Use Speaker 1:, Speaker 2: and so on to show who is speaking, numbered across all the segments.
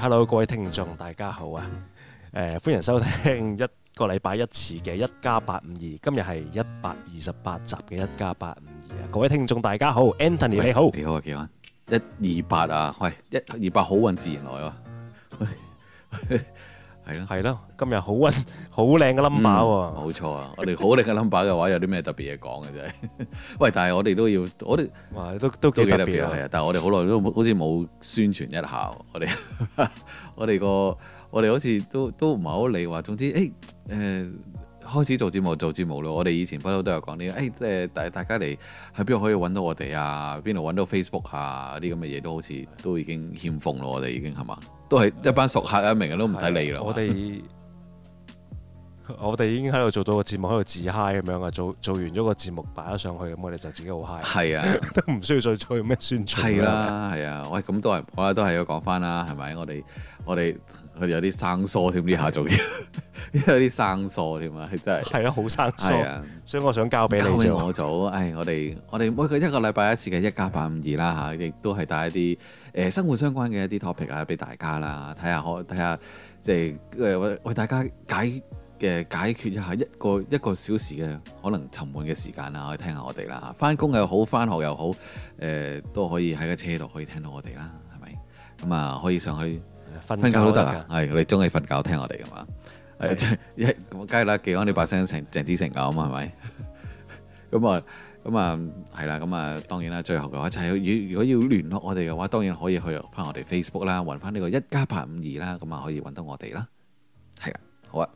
Speaker 1: Hello，各位聽眾，大家好啊！誒、呃，歡迎收聽一個禮拜一次嘅一家八五二，52，今日係一百二十八集嘅一家八五二。各位聽眾，大家好，Anthony 你好，你好啊，幾好？一二八
Speaker 2: 啊，喂，一二八，好運自然來喎、啊。 係咯，係咯，今日好溫，好靚嘅 number，冇錯啊！我哋好靚嘅 number 嘅話，有啲咩特別嘢講嘅啫？係？ 喂，但係我哋都要，我哋都都幾特別啊！係啊、嗯，但係我哋好耐都好似冇宣傳一下，我哋 我哋個我哋好似都都唔係好理話，總之誒誒。欸呃開始做節目做節目咯，我哋以前不嬲都有講啲、呢個，誒即係大大家嚟喺邊度可以揾到我哋啊？邊度揾到 Facebook 啊？啲咁嘅嘢都好似都已經欠奉咯，我哋已經係嘛？都係一班熟客一、啊、名都唔使理啦、啊吧。我哋
Speaker 1: 我哋已經喺度做到個節目喺度自嗨 i 咁樣啊！做做完咗個節目擺咗上去咁，我哋就自己好嗨。i 係啊， 都唔需要再做咩宣傳。係啦，係啊，我咁、啊啊、都係，我哋都係要講翻啦，係咪？我哋我哋。
Speaker 2: 佢哋有啲生疏添，呢下仲有啲生疏添啊！真係係咯，好生疏啊！ 所以我想交俾你。教完我做，唉、 哎，我哋我哋每個一個禮拜一次嘅一加八五二啦嚇、啊，亦都係帶一啲誒、呃、生活相關嘅一啲 topic 啊，俾大家啦，睇下可睇下即係誒為大家解嘅、呃、解決一下一個一個小時嘅可能沉悶嘅時間啦，可以聽下我哋啦嚇，翻工又好，翻學又好，誒、呃、都可以喺個車度可以聽到我哋啦，係咪？咁啊可以上去。瞓瞓覺都得啊，係我哋中意瞓覺，聽我哋噶嘛，係即係咁，梗係啦，記翻你把聲成鄭子成咁啊，係咪？咁啊，咁啊係啦，咁啊，當然啦，最後嘅話就係，如如果要聯絡我哋嘅話，當然可以去翻我哋 Facebook 啦，搵翻呢個一家八五二啦，咁啊可以搵到我哋啦。係啊，好啊。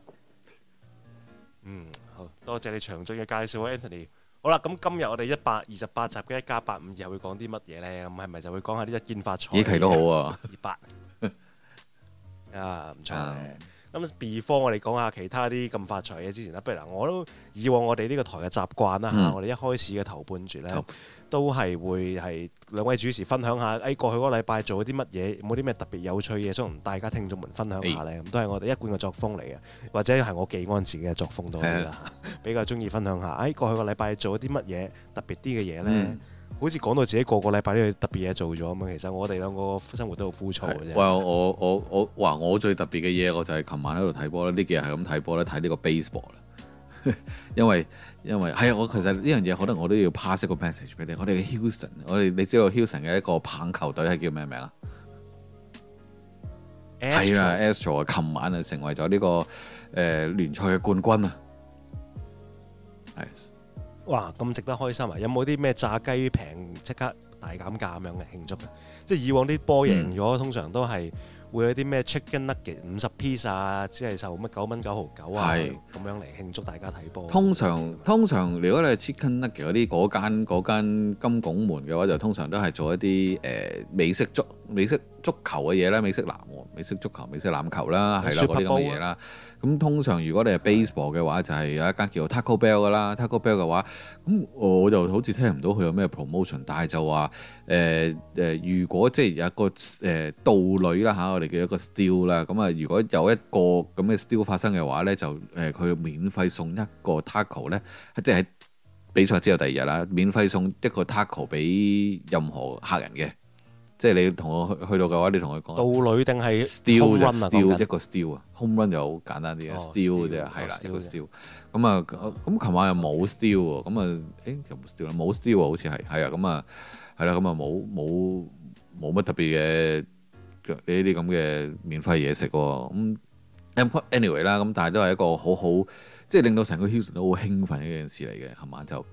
Speaker 2: 嗯，
Speaker 1: 好多謝你詳盡嘅介紹，Anthony。好啦，咁今日我哋一百二十八集嘅一家八五二又會講啲乜嘢咧？咁係咪就會講下呢一見發財？幾期都好啊，二八。啊唔錯嘅，咁 B 方我哋講下其他啲咁發財嘅之前啦。不如嗱，我都以往我哋呢個台嘅習慣啦嚇，嗯、我哋一開始嘅頭半住咧，嗯、都係會係兩位主持分享下，喺、哎、過去嗰個禮拜做咗啲乜嘢，有冇啲咩特別有趣嘢想同大家聽眾們分享下咧，咁、嗯、都係我哋一貫嘅作風嚟嘅，或者係我記安自己嘅作風都係啲啦，嗯、比較中意分享下，喺、哎、過去個禮拜做咗啲乜嘢特別啲嘅嘢咧。嗯好似講到自己個個禮拜都有啲特別嘢做咗咁樣，其實我哋兩個生活都好枯燥嘅啫。喂，我我
Speaker 2: 我話我最特別嘅嘢，我就係琴晚喺度睇波啦。呢幾日係咁睇波啦，睇呢個 baseball 啦。因為因為係啊，我其實呢樣嘢可能我都要 pass 一個 message 俾你。嗯、我哋嘅 Houston，我哋你知道 Houston 嘅一個棒球隊係叫咩名啊？係啦，Astro 啊，琴晚啊成為咗呢、呢個誒、呃、聯賽嘅冠軍啊，係。
Speaker 1: 哇！咁值得開心啊！有冇啲咩炸雞平即刻大減價咁樣嘅慶祝嘅？即係以往啲波贏咗，嗯、通常都係會有啲咩 Chicken Nuggets 五十 pizza 啊，只係售乜九蚊九毫九啊，係，咁樣嚟慶祝大家睇波。通常
Speaker 2: 通常如果你係 Chicken Nuggets 嗰啲嗰間金拱門嘅話，就通常都係做一啲誒、呃、美式足美式足球嘅嘢啦，美式籃美式足球、美式籃球，球啦，係啦嗰啲咁嘅嘢啦。啊咁通常如果你係 baseball 嘅話，就係、是、有一間叫 Taco Bell 㗎啦。Taco Bell 嘅話，咁我就好似聽唔到佢有咩 promotion，但係就話誒誒，如果即係有一個誒盜壘啦嚇，我哋叫一個 steal 啦，咁啊，如果有一個咁嘅 steal 發生嘅話咧，就誒佢、呃、免費送一個 taco 咧，即係比賽之後第二日啦，免費送一個 taco 俾任何客人嘅。即係你同我去去到嘅話，你同佢講，
Speaker 1: 盜壘定係 still still 一個
Speaker 2: still 啊，home run 就好簡單啲啊 still 嘅啫，係啦一個 still。咁啊咁琴晚又冇 still 喎，咁啊誒又冇 still 啦，冇 still 喎，好似係係啊，咁啊係啦，咁啊冇冇冇乜特別嘅呢啲咁嘅免費嘢食喎。咁 anyway 啦，咁但係都係一個好好即係令到成個 Houston 都好興奮嘅一件事嚟嘅，琴晚就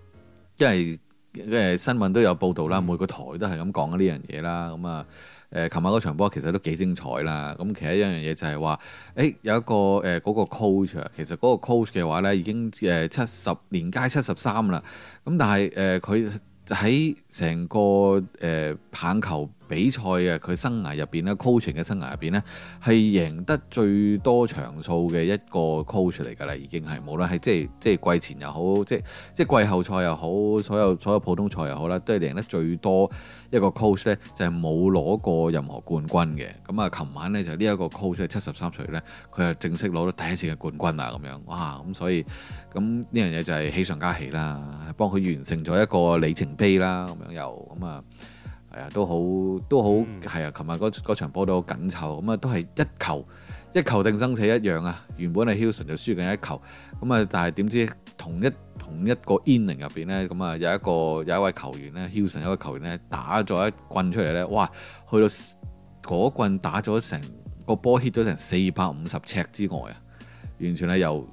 Speaker 2: 因為。誒新聞都有報道啦，每個台都係咁講啊呢樣嘢啦，咁啊誒，琴晚嗰場波其實都幾精彩啦。咁其實一樣嘢就係話，誒、欸、有一個誒嗰、呃那個 coach 啊，其實嗰個 coach 嘅話咧已經誒七十年屆七十三啦。咁但係誒佢喺成個誒、呃、棒球比賽啊！佢生涯入邊咧，coaching 嘅生涯入邊咧，係贏得最多場數嘅一個 coach 嚟㗎啦，已經係無論係即係即係季前又好，即係即係季後賽又好，所有所有普通賽又好啦，都係贏得最多一個 coach 咧，就係冇攞過任何冠軍嘅。咁、嗯、啊，琴晚咧就呢、是、一個 coach 係七十三歲咧，佢係正式攞到第一次嘅冠軍啦，咁樣哇！咁、嗯、所以咁呢樣嘢就係喜上加喜啦，幫佢完成咗一個里程碑啦，咁樣又咁啊～係啊，都好都好係啊，琴日嗰場波都好緊湊，咁啊都係一球一球定生死一樣啊。原本係 Hillson 就輸緊一球，咁啊，但係點知同一同一個 inning 入邊呢？咁啊有一個有一位球員呢 Hillson 一位球員呢，打咗一棍出嚟呢。哇！去到嗰棍打咗成個波 hit 咗成四百五十尺之外啊，完全係由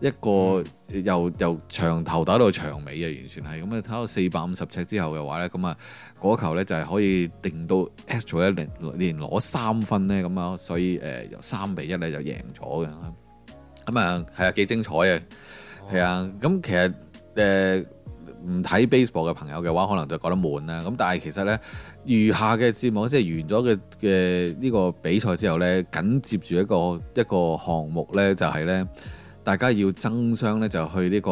Speaker 2: 一個由由長頭打到長尾啊，完全係咁啊，睇到四百五十尺之後嘅話呢，咁啊～嗰球咧就係、是、可以定到 extra 一連連攞三分咧咁啊，所以誒、呃、由三比一咧就贏咗嘅，咁啊係啊幾精彩嘅，係啊咁其實誒唔、呃、睇 baseball 嘅朋友嘅話，可能就覺得悶啦，咁但係其實咧餘下嘅節目即係完咗嘅嘅呢個比賽之後咧，緊接住一個一個項目咧就係、是、咧。大家要爭相咧就去呢個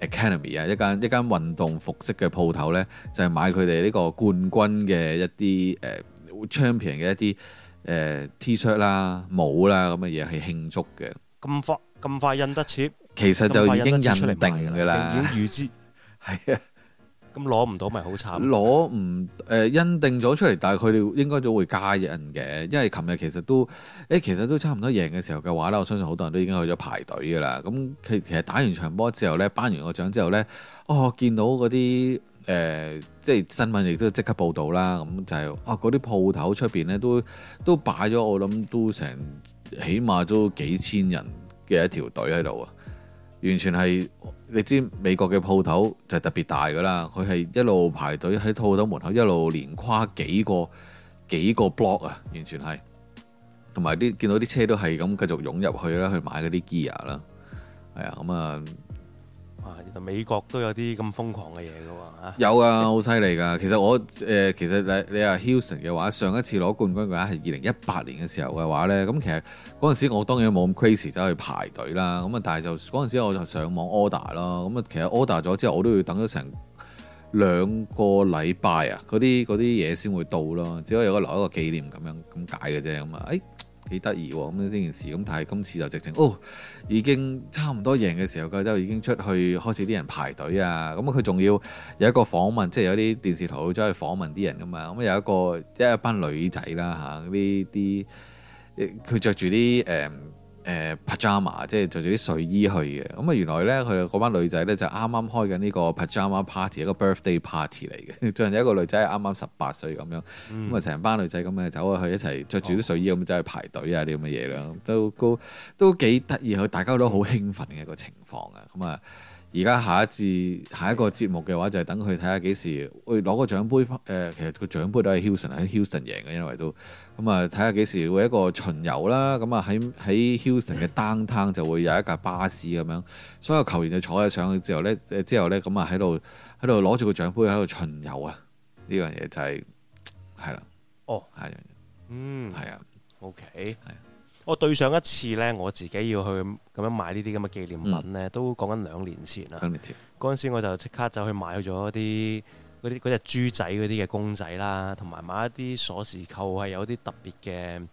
Speaker 2: Academy 啊，一間一間運動服飾嘅鋪頭咧，就係、是、買佢哋呢個冠軍嘅一啲誒、呃、Champion 嘅一啲誒 T-shirt 啦、呃 T、shirt，帽啦咁嘅嘢去慶祝嘅。
Speaker 1: 咁快咁快印得切，其實就已經印
Speaker 2: 定㗎啦。已經
Speaker 1: 預知，係 啊。咁攞唔到咪好慘？攞唔
Speaker 2: 誒，印、呃、定咗出嚟，但係佢哋應該就會加印嘅，因為琴日其實都誒、欸，其實都差唔多贏嘅時候嘅話啦，我相信好多人都已經去咗排隊㗎啦。咁、嗯、佢其實打完場波之後咧，頒完個獎之後咧，哦，我見到嗰啲誒，即係新聞亦都即刻報導啦。咁、嗯、就係、是、啊，嗰啲鋪頭出邊咧都都擺咗，我諗都成起碼都幾千人嘅一條隊喺度啊！完全係你知美國嘅鋪頭就特別大㗎啦，佢係一路排隊喺鋪頭門口一路連跨幾個幾個 block 啊，完全係同埋啲見到啲車都係咁繼續湧入去啦，去買嗰啲 gear 啦、哎，係啊咁啊～
Speaker 1: 美國都有啲咁瘋狂嘅嘢嘅喎，有啊，
Speaker 2: 好犀利噶。其實我誒、呃，其實你你話 Hilton 嘅話，上一次攞冠軍嘅話係二零一八年嘅時候嘅話咧，咁其實嗰陣時我當然冇咁 crazy 走去排隊啦。咁啊，但係就嗰陣時我就上網 order 咯。咁啊，其實 order 咗之後，我都要等咗成兩個禮拜啊，嗰啲嗰啲嘢先會到咯，只可以留一個紀念咁樣咁解嘅啫。咁啊，誒、欸。幾得意喎，咁呢件事咁，但係今次就直情哦，已經差唔多贏嘅時候，佢就已經出去開始啲人排隊啊，咁佢仲要有一個訪問，即係有啲電視台去走去訪問啲人噶嘛，咁、嗯、有一個即係一班女仔啦嚇，啲啲佢着住啲誒。呃誒、呃、pyjama 即係着住啲睡衣去嘅，咁啊原來咧佢哋嗰班女仔咧就啱啱開緊呢個 pyjama party 一個 birthday party 嚟嘅，最 近有一個女仔係啱啱十八歲咁樣，咁啊成班女仔咁啊走過去一齊着住啲睡衣咁、哦、走去排隊啊啲咁嘅嘢啦，都都都幾得意，佢大家都好興奮嘅一個情況啊！咁啊，而家下一節下一個節目嘅話就係等佢睇下幾時會攞個獎杯，誒、呃、其實個獎杯都係 Hilton 喺 Hilton 贏嘅，因為都。咁啊，睇下幾時會一個巡遊啦，咁啊喺喺 Houston 嘅 Downtown 就會有一架巴士咁樣，所有球員就坐喺上去之後咧，之後咧咁啊喺度喺度攞住個獎杯喺度巡遊啊，呢樣嘢
Speaker 1: 就係係啦，哦，係，嗯，係啊，OK，係我對上一次咧，我自己要去咁樣買呢啲咁嘅紀念品咧，嗯、都講緊兩年前啦，兩年前嗰陣時我就即刻就去買咗啲。嗰啲隻豬仔嗰啲嘅公仔啦，同埋買一啲鎖匙扣係有啲特別嘅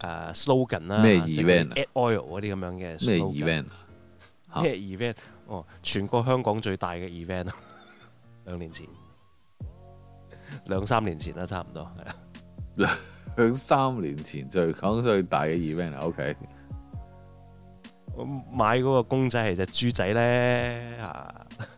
Speaker 1: 誒、uh, slogan 啦，咩 event？add oil 嗰啲咁樣嘅咩 event？咩 event？哦，全個香港最大嘅 event 啊！ 兩年前， 兩三年前啦，差唔多係啊！
Speaker 2: 兩三年前最講最大嘅 event
Speaker 1: o、okay、k 我買嗰個公仔係隻豬仔咧啊！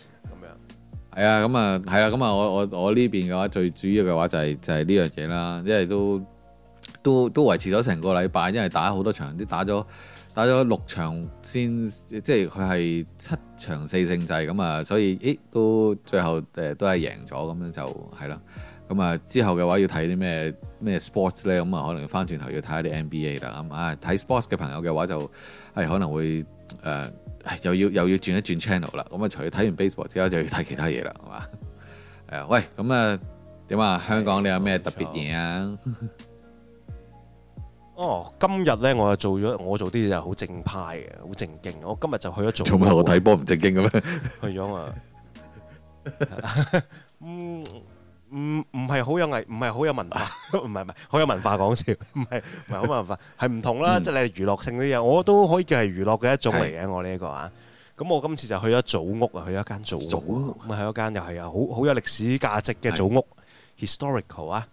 Speaker 2: 係啊，咁啊係啦，咁啊我我我呢邊嘅話最主要嘅話就係、是、就係呢樣嘢啦，因為都都都維持咗成個禮拜，因為打好多場，啲打咗打咗六場先，即係佢係七場四勝制咁啊，所以誒都最後誒、呃、都係贏咗咁樣就係啦，咁啊、嗯、之後嘅話要睇啲咩咩 sports 咧，咁啊、嗯、可能翻轉頭要睇下啲 NBA 啦，咁、嗯、啊睇 sports 嘅朋友嘅話就係、哎、可能會誒。呃又要又要轉一轉 channel 啦，咁啊除睇完 baseball 之後就要睇其他嘢啦，係嘛？係喂，咁啊點啊？香港你有咩特別嘢啊？
Speaker 1: 哦，今日咧我啊做咗，我做啲嘢好正派嘅，好正經。我今日就去咗做。做咩我睇
Speaker 2: 波唔正經嘅咩？
Speaker 1: 咁樣去咗啊！唔唔係好有藝，唔係好有文化，唔係唔係好有文化講笑，唔係唔係好文化，係唔 同啦，嗯、即係你係娛樂性嗰啲嘢，我都可以叫係娛樂嘅一種嚟嘅，的我呢、這、一個啊。咁我今次就去咗祖屋啊，去咗間祖屋，咪係一間又係啊，好好有歷史價的歷史價值嘅祖屋，historical 啊。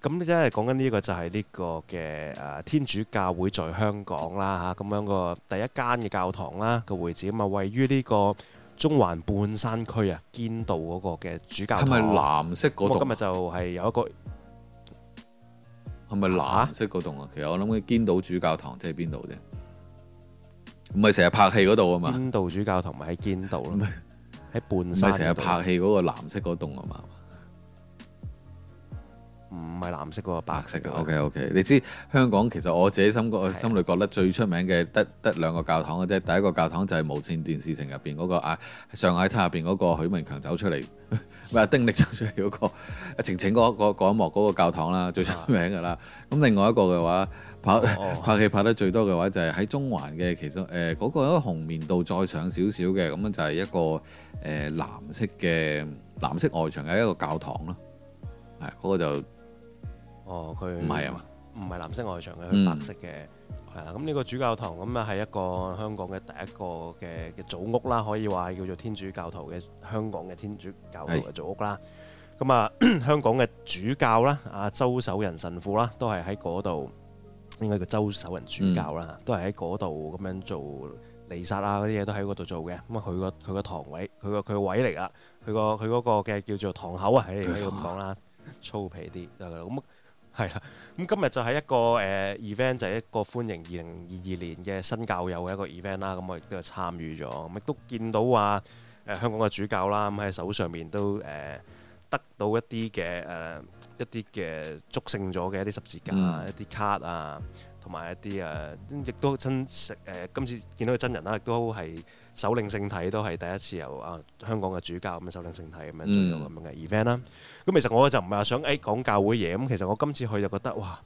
Speaker 1: 咁即係講緊呢個就係呢個嘅誒天主教會在香港啦嚇，咁、啊、樣個第一間嘅教堂啦個會址，啊，、這個、啊位於呢、這個。中環半山區啊，堅道嗰個嘅主教堂，係咪藍色嗰棟？今日就係有一個
Speaker 2: 係咪藍色嗰棟啊？其實我諗嘅堅道主教堂即係邊度啫？唔係成日拍戲嗰度啊嘛？堅
Speaker 1: 道主教堂咪喺堅道咯，喺半山。唔係成日拍戲嗰個藍色嗰棟啊嘛。
Speaker 2: 唔係藍色喎，白色嘅。O K O K，你知香港其實我自己心覺心裏覺得最出名嘅得得兩個教堂嘅啫。第一個教堂就係無線電視城入邊嗰個啊，上海灘入邊嗰個許文強走出嚟，啊丁力走出嚟嗰、嗰個、啊、晴晴嗰、嗰個嗰一幕嗰個教堂啦，最出名㗎啦。咁、uh huh. 另外一個嘅話，拍、uh huh. 拍戲拍得最多嘅話就係喺中環嘅，其實誒嗰、呃嗰個喺紅棉道再上少少嘅，咁就係一個誒、呃、藍色嘅藍色外牆嘅一個教堂咯，係、嗰個、就。
Speaker 1: 哦，佢唔係啊嘛，唔係藍色外牆嘅，佢白色嘅，係啦、嗯。咁呢 個主教堂咁啊，係一個香港嘅第一個嘅嘅祖屋啦，可以話叫做天主教徒嘅香港嘅天主教徒嘅祖屋啦。咁啊、 嗯， 香港嘅主教啦，啊周守仁神父啦，都係喺嗰度，應該叫周守仁主教啦，嗯、都係喺嗰度咁樣做彌撒啊嗰啲嘢都喺嗰度做嘅。咁啊，佢個佢個堂位，佢、佢個佢位嚟啊，佢個佢嗰個嘅叫做堂口啊，可以咁講啦，粗皮啲，咁 係啦，咁今日就係一個誒 event、呃、就係、是、一個歡迎二零二二年嘅新教友嘅一個 event 啦。咁、嗯、我亦都係參與咗，亦、嗯、都見到啊，誒、呃、香港嘅主教啦，咁、嗯、喺手上面都誒、呃、得到一啲嘅誒一啲嘅祝聖咗嘅一啲十字架、嗯、一啲卡啊，同埋一啲啊，亦都親食、呃、今次見到佢真人啦，亦都係。首領聖體都係第一次由啊香港嘅主教咁樣首領聖體，咁樣做到咁樣嘅 event 啦。咁其實我就唔係話想誒講教會嘢，咁其實我今次去就覺得哇，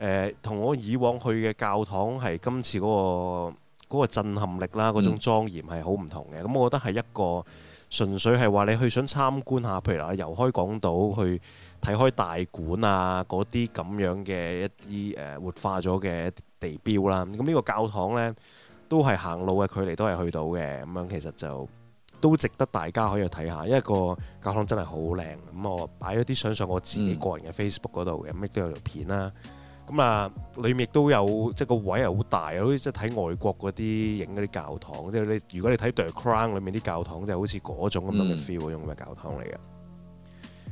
Speaker 1: 誒同我以往去嘅教堂係今次嗰個嗰個震撼力啦，嗰種莊嚴係好唔同嘅。咁我覺得係一個純粹係話你去想參觀下，譬如話遊開港島去睇開大館啊，嗰啲咁樣嘅一啲誒活化咗嘅地標啦。咁呢個教堂呢，都係行路嘅距離，都係去到嘅咁樣，其實就都值得大家可以去睇下，因為一個教堂真係好靚。咁我擺咗啲相上我自己個人嘅 Facebook 嗰度嘅，乜都、嗯、有條片啦。咁啊，裏面亦都有即係個位係好大，好似即係睇外國嗰啲影嗰啲教堂，即係你如果你睇 The Crown 裏面啲教堂，就好似嗰種咁、嗯、樣嘅 feel，咁嘅教堂嚟嘅。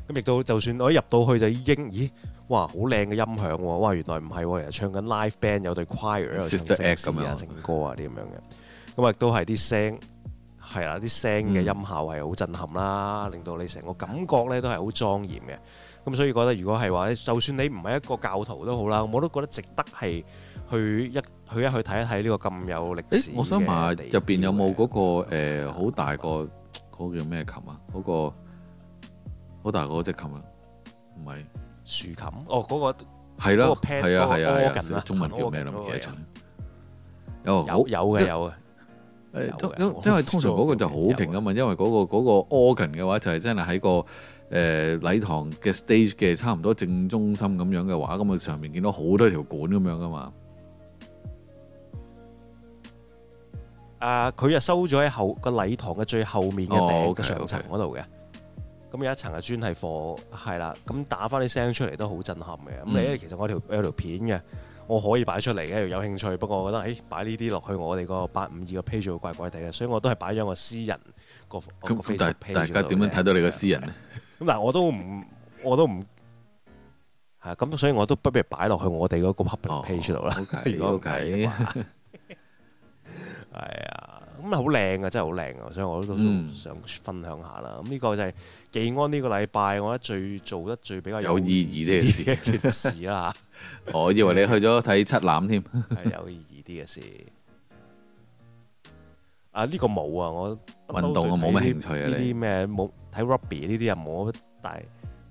Speaker 1: 咁亦到就算我一入到去就已經，咦？哇！好靚嘅音響喎，哇！原來唔係喎，原來唱緊 live band 有對 choir，有啲 sister 啊，唱歌啊啲咁樣嘅咁，亦都係啲聲係啦，啲聲嘅音效係好震撼啦，令到你成個感覺咧都係好莊嚴嘅。咁所以覺得，如果係話，就算你唔係一個教徒都好啦，我都覺得值得係去一去一去睇一睇呢個咁有歷史嘅，我想問下，
Speaker 2: 入邊有冇嗰個誒好大個嗰個叫咩琴啊？嗰個好大個隻琴啊，唔係。豎琴，哦，嗰個係啦，係啊係啊係啊，中文叫咩咧？唔記得咗。有好有嘅有啊。誒，因因為通常嗰個就好勁啊嘛，因為嗰個嗰個 organ 嘅話就係真係喺個誒禮堂嘅 stage 嘅差唔多正中心咁樣嘅話，咁啊上面見到好多條管咁樣噶嘛。
Speaker 1: 啊，佢啊收咗喺後個禮堂嘅最後面嘅上層度嘅。咁有一層嘅磚係放係啦，咁打翻啲聲出嚟都好震撼嘅。咁你、嗯嗯、其實我條有條片嘅，我可以擺出嚟嘅。有興趣，不過我覺得，誒、哎、擺呢啲落去我哋個八五二個 page 會怪怪地嘅，所以我都係擺咗個私人那個。咁那但係目大家點樣睇到你個私人咧？咁嗱，我都唔，我都唔係咁，所以我都不如擺落去我哋嗰個 public page 度啦。哦、okay, 如果唔係，okay, 哎呀～咁啊，嗯嗯、真好靚啊，真係好靚啊，所以我都想分享下啦。咁、嗯、呢、嗯這個就係忌安呢個禮拜，我覺得最做得最比較有意義啲嘅事啦。
Speaker 2: 我以為你去咗睇七欖添， 有意義啲嘅
Speaker 1: 事。啊，呢、這個冇啊，我運動我冇乜興趣啦。呢啲咩冇睇 rugby 呢啲又冇乜大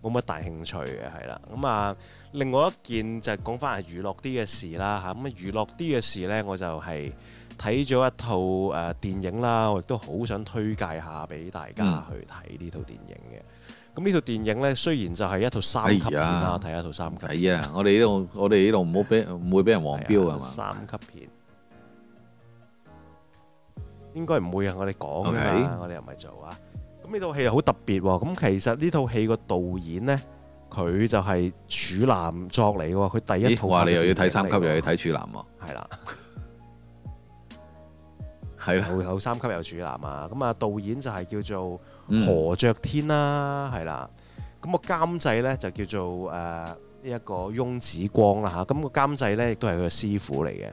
Speaker 1: 冇乜大，大興趣嘅係啦。咁啊、嗯嗯，另外一件就係講翻係娛樂啲嘅事啦嚇。咁啊，娛樂啲嘅事咧、嗯嗯嗯，我就係、是。睇咗一套誒電影啦，我亦都好想推介下俾大家去睇呢套電影嘅。咁呢套電影咧，雖然就係一套三級片啦，睇、哎、呀一套三級。係啊，我哋呢度我哋呢度唔好俾唔會俾人黃標係嘛、啊？三級片 應該唔會啊！Okay? 我哋講噶，我哋又唔係做啊。咁呢套戲好特別。咁其實呢套戲個導演咧，佢就係處男作嚟嘅。佢第一套哇，你又要睇三級，又要睇處男，係啦。係啦，有三級有處男啊，咁啊導演就係叫做何爵天啦，係啦、嗯，咁個監製咧就叫做誒呢一個翁子光啦嚇，咁個監製咧亦都係佢嘅師傅嚟嘅，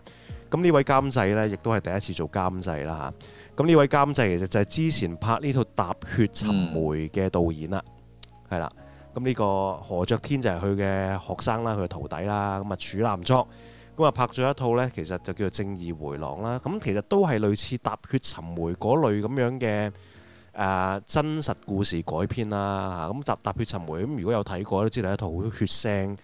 Speaker 1: 咁呢位監製咧亦都係第一次做監製啦嚇，咁呢位監製其實就係之前拍呢套《踏血尋梅》嘅導演啦，係啦、嗯，咁呢個何爵天就係佢嘅學生啦，佢嘅徒弟啦，咁啊處男作。咁啊拍咗一套咧，其實就叫做《正義迴廊》啦。咁其實都係類似類《踏血尋梅》嗰類咁樣嘅誒真實故事改編啦。嚇、嗯，咁《踏踏血尋梅》咁如果有睇過都知道一套好血腥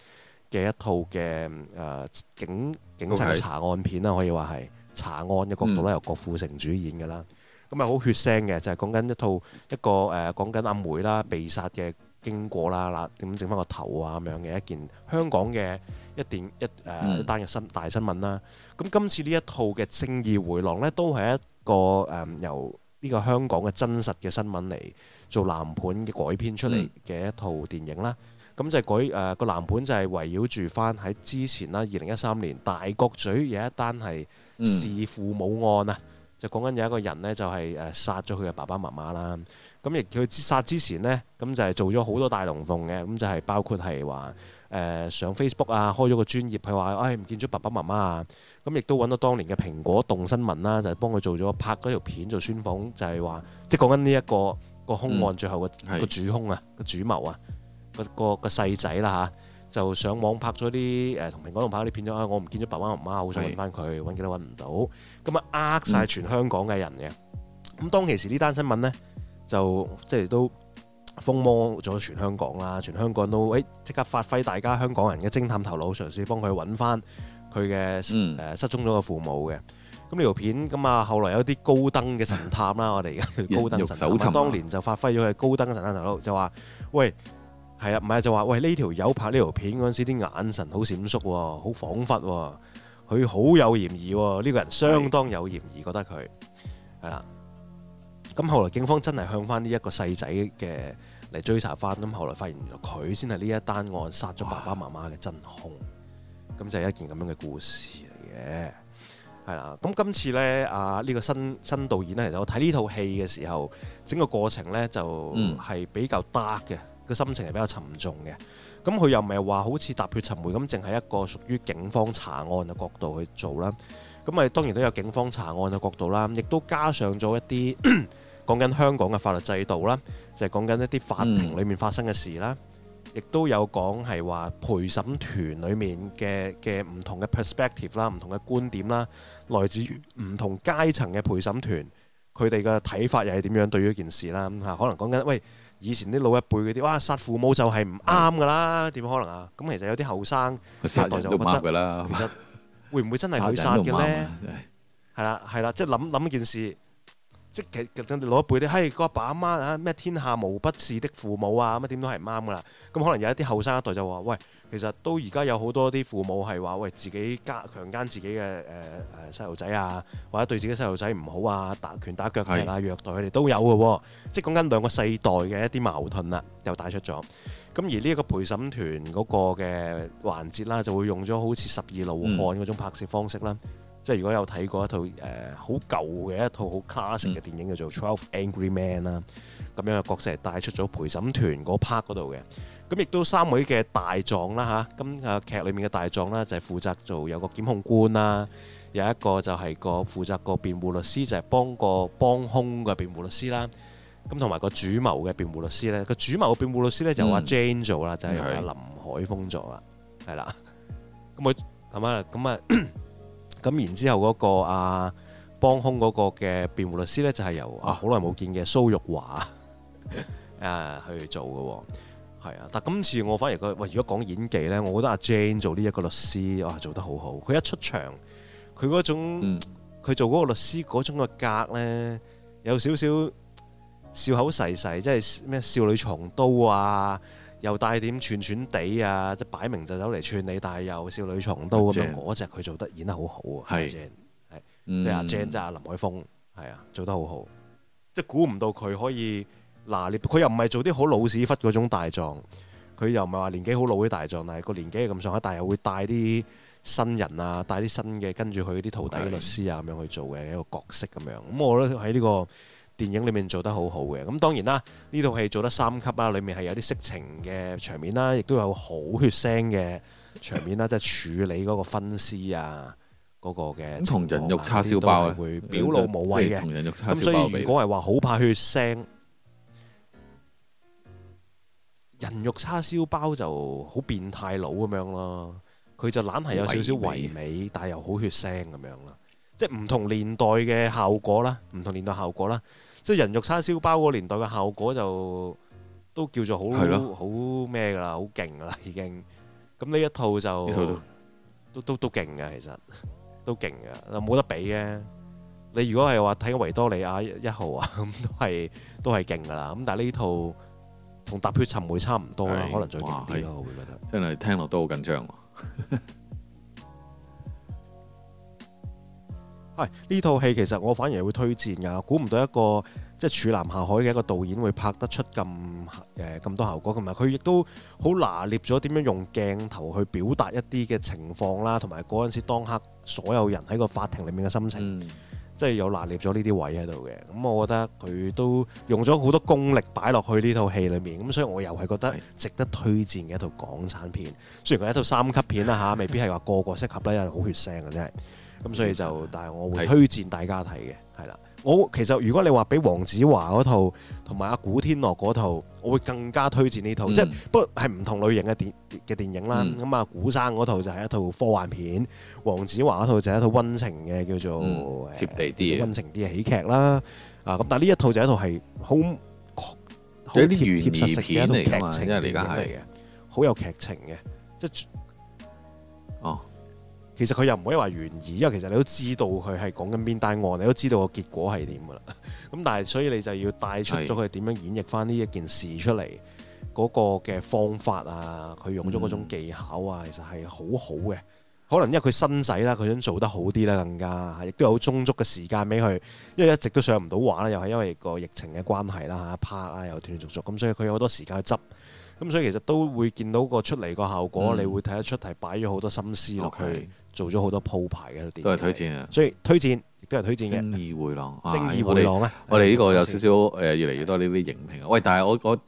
Speaker 1: 嘅一套嘅誒、呃、警警察查案片啦，可以話係查案嘅角度咧，嗯、由郭富城主演嘅啦。咁啊好血腥嘅，就係講緊一套一個誒講緊阿梅啦被殺嘅。經過啦，嗱，點整翻個頭啊，咁樣嘅一件香港嘅一電一誒、呃、一單嘅新大新聞啦。咁今次呢一套嘅《正義迴廊》呢，都係一個誒、呃、由呢個香港嘅真實嘅新聞嚟做藍本嘅改編出嚟嘅一套電影啦。咁、嗯、就係誒個藍本就係圍繞住翻喺之前啦，二零一三年大角咀有一單係弑父母案啊，嗯、就講緊有一個人呢，就係、是、誒、呃、殺咗佢嘅爸爸媽媽啦。咁亦佢自殺之前呢，咁就係做咗好多大龍鳳嘅，咁就係包括係話誒上 Facebook 啊，開咗個專頁，佢話，唉、哎，唔見咗爸爸媽媽啊！咁亦都揾到當年嘅蘋果動新聞啦，就係、是、幫佢做咗拍嗰條片做宣傳，就係、是、話，即係講緊呢一個個兇案最後、嗯、個主兇啊，個主謀啊，個個個細仔啦嚇，就上網拍咗啲誒同蘋果動拍啲片咗，我唔見咗爸爸媽媽，媽，好想揾返佢，揾幾多揾唔到，咁啊呃晒全香港嘅人嘅。咁、嗯、當其時呢單新聞呢。就即係都瘋魔咗全香港啦，全香港都，誒、欸、即刻發揮大家香港人嘅偵探頭腦，嘗試幫佢揾翻佢嘅失蹤咗嘅父母嘅。咁呢條片咁啊，後來有啲高登嘅神探啦， 我哋而家高登神探、啊啊，當年就發揮咗佢高登神探頭腦，就話喂係啊，唔係、啊、就話喂呢條友拍呢條片嗰陣時，啲眼神好閃縮，好恍惚，佢好有嫌疑，啊、呢、這個人相當有嫌疑，啊，覺得佢係啦。對對咁後來警方真係向翻呢一個細仔嘅嚟追查翻，咁後來發現原來佢先係呢一單案殺咗爸爸媽媽嘅真兇，咁哇就係一件咁樣嘅故事嚟嘅，係啦。咁今次呢，啊呢個新新導演呢，其實我睇呢套戲嘅時候，整個過程呢就係比較 dark 嘅，個心情係比較沉重嘅。咁佢又唔係話好似踏血尋梅咁，淨係一個屬於警方查案嘅角度去做啦。咁咪當然都有警方查案嘅角度啦，亦都加上咗一啲講緊香港嘅法律制度啦，就係講緊一啲法庭裡面發生嘅事啦，亦、嗯、都有講係話陪審團裡面嘅嘅唔同嘅 perspective 啦，唔同嘅觀點啦，來自唔同階層嘅陪審團，佢哋嘅睇法又係點樣對於一件事啦？嚇，可能講緊喂，以前啲老一輩嗰啲，哇，殺父母就係唔啱㗎啦，點可能啊？咁其實有啲後生，下一代就會唔會真係毀殺嘅咧？係啦，係啦，即係諗諗一件事，即係其實老一輩啲，嘿，個阿爸阿媽啊，咩天下無不似的不是的父母啊，乜一點都係唔啱㗎啦。咁可能有一啲後生一代就話：喂，其實都而家有好多啲父母係話：喂，自己加強姦自己嘅誒誒細路仔啊，或者對自己細路仔唔好啊，打拳打腳踢啊，虐待佢哋都有嘅。的即係講緊兩個世代嘅一啲矛盾啊，又帶出咗。咁而呢一個陪審團嗰個嘅環節啦，就會用咗好似十二路漢十二怒漢嗰種拍攝方式啦，嗯、即係如果有睇過一套誒好、呃、舊嘅一套好 classic 嘅電影叫做《Twelve Angry Men》啦，咁樣嘅角色係帶出咗陪審團嗰 part 嗰度嘅。咁亦都三位嘅大狀啦吓，咁啊、那個、劇裏面嘅大狀啦就係負責做有個檢控官啦，有一個就係個負責個辯護律師就係、是、幫個幫凶嘅辯護律師啦。咁同埋個主謀嘅辯護律師咧，個主謀嘅辯護律師咧、嗯、就由阿 Jane 做啦，就係由阿林海峰做啦，係啦、嗯。咁佢咁啊，咁啊，咁然之後嗰個阿幫兇嗰個嘅辯護律師咧，就係、是、由啊好耐冇見嘅蘇玉華誒、 啊、去做嘅喎、哦，係啊。但今次我反而覺得，喂，如果講演技咧，我覺得阿 Jane 做呢一個律師哇，做得好好。佢一出場，佢嗰種佢做嗰個律師嗰種嘅格咧，有少少，笑口細細，即係咩少女藏刀啊，又帶點串串地啊，即係擺明就走嚟串你，但係又少女藏刀咁樣。嗰隻佢做得演得好好啊，係，係即係阿 Jean 啫，阿林海峰係啊，做得好好。即係估唔到佢可以嗱，佢又唔係做啲好老屎忽嗰種大狀，佢又唔係話年紀好老嘅大狀，但係個年紀係咁上下，但係又會帶啲新人啊，帶啲新嘅跟住佢啲徒弟嘅律師啊咁樣去做嘅一個角色咁樣。咁我覺得喺呢個。電影裏面做得好好嘅，咁當然啦，呢套戲做得三級啦，裏面係有啲色情嘅場面啦，亦都有好血腥嘅場面啦，即係 處理嗰個分屍啊，嗰、嗰個嘅、啊。同人肉叉燒包咧，會表露無遺嘅。同人肉叉燒包。咁所以如果係話好怕血腥， 人肉叉燒包就好變態佬咁樣咯，佢就懶係有少少唯美，但係又好血腥咁樣啦， 即係唔同年代嘅效果啦，唔同年代效果啦。 即係人肉叉燒包嗰個年代嘅效果就都叫做好好咩㗎啦，好勁㗎啦已經。咁呢一套就都都都勁㗎，其實都勁㗎，冇得比嘅。你如果係話睇《維多利亞一號》啊，咁都係都係勁㗎啦。咁但係呢套同《踏血尋梅》差唔多啦，可能最勁啲咯，我會
Speaker 2: 覺得。真係聽落都好緊張喎。
Speaker 1: 呢套、哎、戲其實我反而會推薦噶，估唔到一個即係、就是、處男下海嘅一個導演會拍得出咁誒咁多效果咁啊！佢亦都好拿捏咗點樣用鏡頭去表達一啲嘅情況啦，同埋嗰陣時當刻所有人喺個法庭裡面嘅心情，嗯、即係有拿捏咗呢啲位喺度嘅。咁我覺得佢都用咗好多功力擺落去呢套戲裏面，咁所以我又係覺得值得推薦嘅一套港產片。雖然佢一套三級片啦嚇，未必係話個,個個適合啦，因為好血腥嘅真係。咁、嗯、所以就，但係我會推薦大家睇嘅，係啦是。我其實如果你話俾黃子華嗰套，同埋阿古天樂嗰套，我會更加推薦呢套，嗯、即係不過係唔同類型嘅電嘅電影啦。咁啊、嗯，古生嗰套就係一套科幻片，黃子華嗰套就係一套溫情嘅叫做、嗯、貼地啲、溫情啲嘅喜劇啦。啊，咁但係呢一套就係一套係
Speaker 2: 好，好貼，貼實嘅一套劇情嚟嘅，
Speaker 1: 好有劇情嘅，即、就、係、是。其實佢又唔可以話懸疑，因為其實你都知道佢係講緊邊單案，你都知道個結果係點噶啦。咁 但係所以你就要帶出咗佢點樣演繹翻呢一件事出嚟，嗰是個嘅方法啊，佢用咗嗰種技巧啊，嗯、其實係好好嘅。可能因為佢新仔啦，佢想做得好啲啦，更加亦都有好充足嘅時間俾佢，因為一直都上唔到畫啦，又係因為個疫情嘅關係啦，拍啊又斷斷續續，咁所以佢有好多時間去執。咁所以其實都會見到個出嚟個效果，嗯、你會睇得出係擺咗好多心思落去。做咗好多鋪排嘅電影，都係推薦啊！所以推薦，亦都係推薦。正義迴廊，啊、正義迴廊啊！
Speaker 2: 我哋們呢個有少少誒，的越嚟越多呢啲影評啊！的喂，但係我我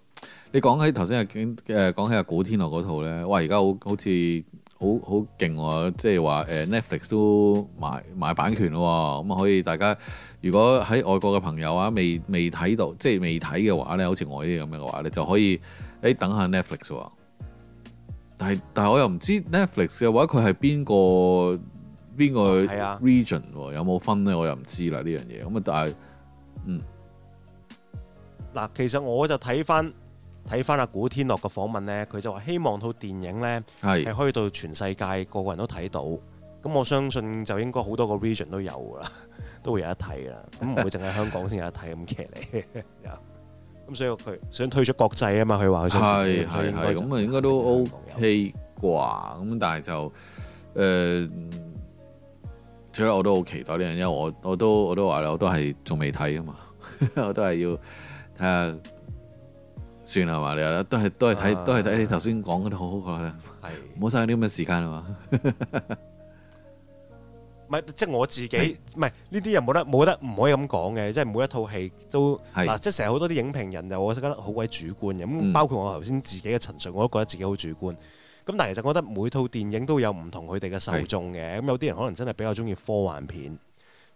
Speaker 2: 你講起頭先誒講起阿古天樂嗰套咧，哇！而家好好似好好勁喎，即係話誒 Netflix 都買買版權啦喎、哦，咁、嗯、啊可以大家如果喺外國嘅朋友啊，未未睇到即係未睇嘅話咧，好似我呢啲咁樣嘅話咧，你就可以誒、欸、等下 Netflix 喎。但係，但係我又唔知 Netflix 或者佢係邊個邊個 region、啊、有冇分呢？我又唔知啦呢樣嘢。咁啊，但係，嗯，
Speaker 1: 嗱，其實我就睇翻睇翻阿古天樂嘅訪問咧，佢就話希望套電影咧係是可以到全世界個個人都睇到。咁我相信就應該好多個 region 都有噶啦，都會有得睇噶啦。咁唔會淨係香港先有得睇咁劇嚟。 咁所以佢想退出國際啊嘛，佢話佢想退出國際，係係係，咁啊應，
Speaker 2: 應該都 OK 啩？咁但係就誒，所、呃、以我都好期待呢樣，因為我我都我都話啦，我都係仲未睇啊嘛，我都係要睇下算啦嘛， 都你都係都係睇、啊、都係睇你頭先講嗰啲好好嘅啦，係唔好嘥啲咁嘅時間啊嘛～
Speaker 1: 唔係，即係我自己，唔係呢啲又冇得冇得，唔可以咁講嘅。即係每一套戲都，嗱是、啊，即係成日好多啲影評人就我覺得好鬼主觀嘅。咁、嗯、包括我頭先自己嘅陳述，我都覺得自己好主觀。咁但係其實我覺得每套電影都有唔同佢哋嘅受眾嘅。咁是、嗯、有啲人可能真係比較中意科幻片，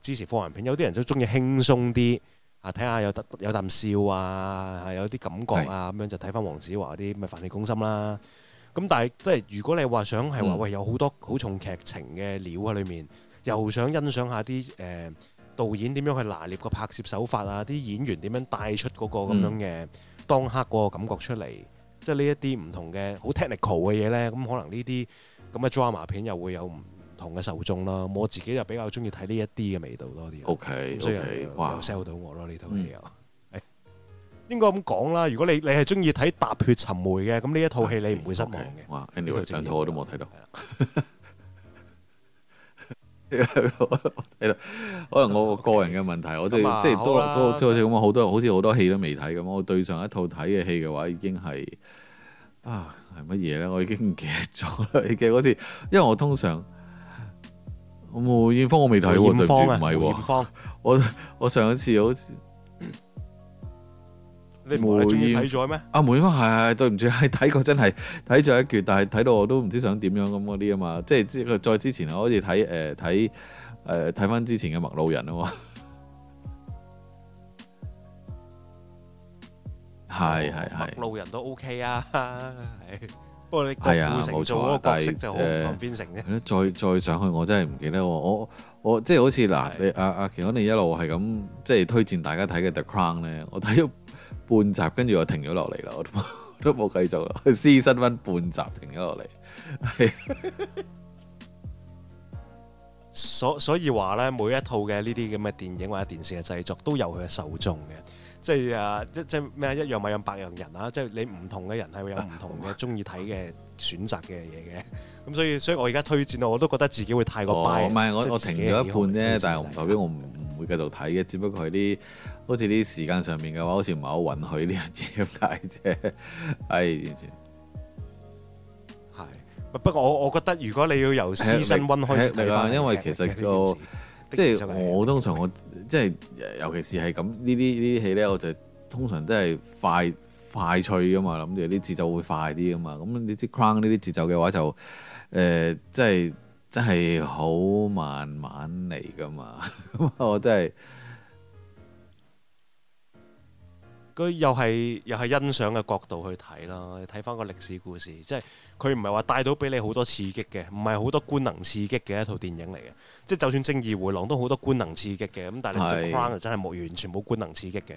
Speaker 1: 支持科幻片。有啲人都中意輕鬆啲，啊，睇下有有啖笑啊，有啲感覺啊，咁是樣就睇翻黃子華嗰啲，咪《飯氣攻心》啦。咁、嗯、但係即係如果你話想係話喂，有好多好重劇情嘅料喺裏面。又想欣賞下啲誒導演點樣去拿捏個拍攝手法啊，啲演員點樣帶出嗰個咁樣嘅當刻嗰個感覺出嚟，即係呢一啲唔同嘅好 technical 嘅嘢咧，咁可能呢啲咁嘅 drama 片又會有唔同嘅受眾啦。我自己就比較中意睇呢一啲嘅味道多啲。OK，所以又 sell 到我咯，呢套戲又。應該咁講啦，如果你你係中意睇踏血尋梅嘅，咁呢一套戲你唔會失望嘅。哇，Anyway，兩套我都冇睇到。
Speaker 2: 可能我個人嘅問題，我即即都都即好似吧咁，好多好似好多戲都未睇咁。我對上一套睇嘅戲嘅話，已經係啊係乜嘢咧？我已經唔記得咗啦，已經好似，因為我通常 我梅艷芳我未睇喎，梅艷芳唔係喎，梅艷芳我我上一次好似。梅艷睇咗咩？阿梅艷係係對唔住，係睇過真係睇咗一橛，但係睇到我都唔知想點樣咁嗰啲啊嘛，即係之佢再之前，我好似睇誒睇誒睇翻之前嘅《麥路、 嗯、人》啊嘛，係係係，《麥
Speaker 1: 路人》都 OK 啊。係啊，冇錯啊，
Speaker 2: 係誒，但呃、再再上去我真係唔記得我我即係好似嗱，你阿阿、啊、奇安你一路係咁即係推薦大家睇嘅 The Crown 咧，我睇咗半集，跟住我停咗落嚟啦，我都冇都冇繼續啦，撕新分半集停咗落嚟，
Speaker 1: 所所以話咧，每一套嘅呢啲咁嘅電影或者電視嘅製作，都有佢嘅受眾嘅。即係啊，即即咩啊？一樣米養百樣人啦！即係你唔同嘅人係會有唔同嘅中意睇嘅選擇嘅嘢嘅。咁哇、嗯、所以，所以我而家推薦我，我都覺得自己會太過 biased，哦。唔係，我我停咗一半啫，但係我唔
Speaker 2: 代表我唔會繼續睇嘅。哈哈只不過係啲好似啲時間上面嘅話，好似唔係好允許呢樣嘢咁解啫。係、 哎、完全。係。不
Speaker 1: 過我我覺得如果你要由 season one 開始因為，因為其實、那個。
Speaker 2: 即係我通常我即係尤其是係咁呢啲呢啲戲呢，我就係、通常都係快快脆噶嘛，諗住啲節奏會快啲噶嘛。咁你知 Crown 呢啲節奏嘅話就誒，即、呃、係真係好慢慢嚟噶嘛。
Speaker 1: 咁 我真係。佢又係又係欣賞嘅角度去睇啦，睇翻個歷史故事，即係佢唔係話帶到俾你好多刺激嘅，唔係好多官能刺激嘅一套電影嚟嘅。即係就算《正義迴廊》都好多官能刺激嘅，咁但係《The Crown》真係冇完全冇官能刺激嘅，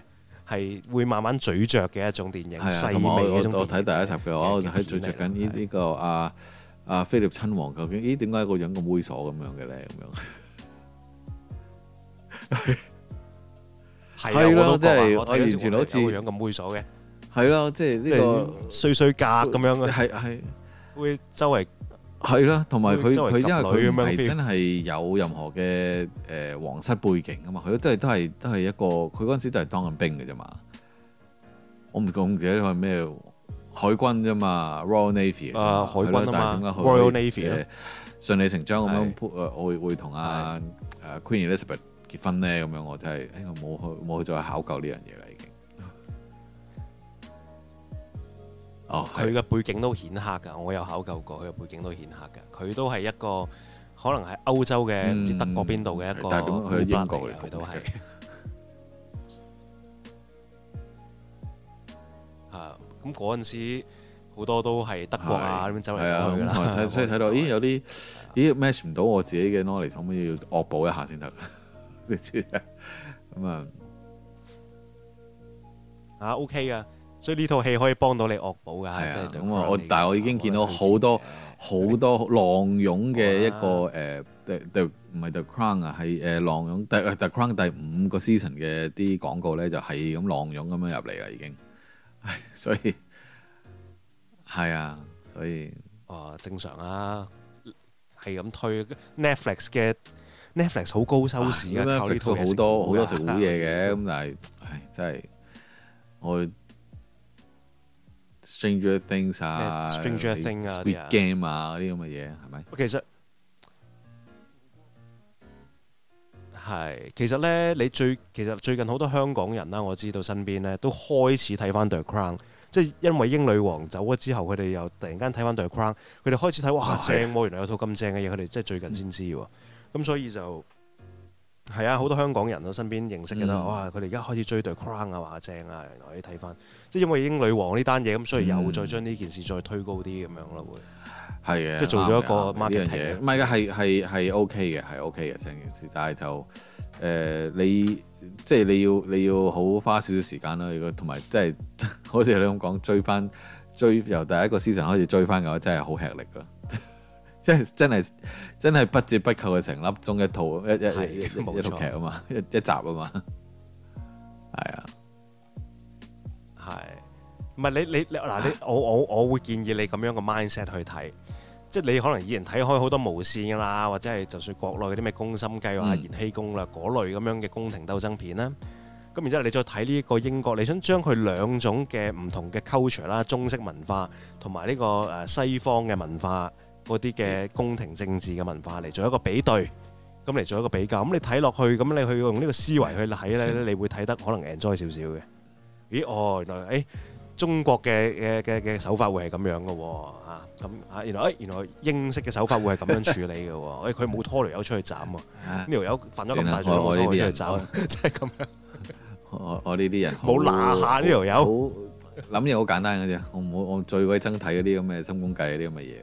Speaker 1: 係對會慢慢咀嚼嘅一種電影，啊、細微嘅一種我。我睇
Speaker 2: 第一集嘅，我就喺咀嚼緊呢呢個阿阿菲利普親王，究竟咦點解個樣咁猥瑣咁樣嘅咧？咁樣。
Speaker 1: 係啦，即係我，我，我完全好似樣咁猥瑣嘅。係啦，即係呢、呢個衰衰格咁樣嘅。係係。會周圍
Speaker 2: 係啦，同埋佢佢因為佢唔係真係有任何嘅誒皇室背景啊嘛，佢都係都係都係一個佢嗰陣時都係當緊兵嘅啫嘛。我唔咁記得係咩海軍啫嘛，Royal Navy 啊，海軍啊嘛，Royal Navy。順理成章咁、啊啊、樣，我會同阿 Queen Elizabeth
Speaker 1: 結婚咧咁樣，我真係誒，我冇去冇去再考究呢樣嘢啦，已經。哦，佢嘅背景都顯赫噶，我有考究過，佢嘅背景都顯赫噶，佢都係一個可能係歐洲嘅，唔知德國邊度嘅一個，但係佢英國嚟，佢都係。啊，咁嗰陣時好多都係德國啊咁樣是走嚟，啊，咁、嗯、 所以睇到咦有啲
Speaker 2: 咦 match 唔到我自己嘅 knowledge 可唔可以要惡補一下先得？ 啊，咁啊，啊 OK 噶，所以呢套戲可以幫到你惡補噶，咁、啊啊、我但係我已經見到好多好多浪湧嘅一個誒唔係 The Crown 啊，係誒浪湧第 The Crown 第五個 season 嘅啲廣告咧，就係咁浪湧咁樣入嚟啦，已經，
Speaker 1: 所以係 啊，所以啊、哦、正常啊，係咁推 Netflix 嘅。Netflix 好高收視啊！咁好多好多食好嘢
Speaker 2: 嘅咁，但係唉真係我 Stranger Things 啊，Stranger Things 啊，Squid Game 啊嗰啲
Speaker 1: 咁嘅嘢係咪？其實係其實咧，你最其實最近好多香港人啦，我知道身邊咧都開始睇翻《The Crown》，即係因為英女王走咗之後，佢哋又突然間睇翻《The Crown》，佢哋開始睇哇正喎，原來有套咁正嘅嘢，佢哋即係最近先知喎。咁所以就係啊，好多香港人都身邊認識嘅都話：嗯、哇，佢哋而家開始追對 crown 啊、話正啊。原來你睇翻，即係因為英女王呢單嘢咁，所以又再將呢件事再推高啲咁樣咯。會係啊，嗯、即係做咗一個 marketing 唔係嘅，係係
Speaker 2: 係 OK 嘅，係 OK 嘅成、OK、件事，但係就誒、呃、你即係、就是、你要你要好花少少時間咯。如果同埋即係好似你咁講，追翻追由第一個 season 開始追翻嘅話，真係好吃力㗎。即係真係真係不折不扣嘅成粒鐘一套一一的一
Speaker 1: 沒錯 一套劇啊嘛，一一集啊嘛，係啊，係，唔係你你嗱 你我我我會建議你咁樣嘅 mindset 去睇，即係你可能以前睇開好多無綫噶啦，或者係就算國內嗰啲咩宮心計、嗯、啊、延禧攻略啦嗰類咁樣嘅宮廷鬥爭片啦，咁然之後你再睇呢個英國，你想將佢兩種嘅唔同嘅 culture 啦，中式文化同埋呢個誒西方嘅文化。嗰啲嘅宮廷政治嘅文化嚟做一個比對，咁嚟做一個比較。咁你睇落去，咁你去用呢個思維去睇咧，你會睇得可能 enjoy 少少嘅。咦？哦，原來誒中國嘅嘅嘅嘅手法會係咁樣嘅喎，啊咁啊原來誒原來英式嘅手法會係咁樣處理嘅喎。誒佢冇拖條友出去斬喎，呢條友犯咗咁大罪，我拖出去斬，即係咁樣。
Speaker 2: 我我呢啲人好揦下呢條友，諗嘢好簡單嘅啫。我冇我最鬼憎睇嗰啲咁嘅宮心計嗰啲咁嘅嘢。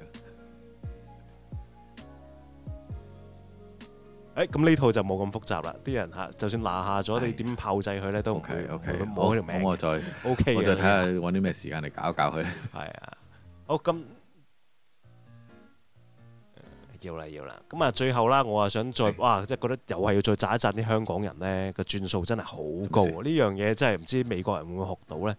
Speaker 1: 誒咁呢套就冇咁複雜啦，啲人嚇就算拿下咗，的你點炮製佢咧都唔會。O K O K，好咁我再 ，O、okay、K，的我再睇下揾啲咩時間嚟搞搞佢。係啊，好咁、嗯，要啦要啦。咁啊，最後啦，我啊想再，Okay. 哇！即係覺得又係要再扎一扎啲香港人咧，個轉數真係好高。呢樣嘢真係唔知美國人會唔會學到咧。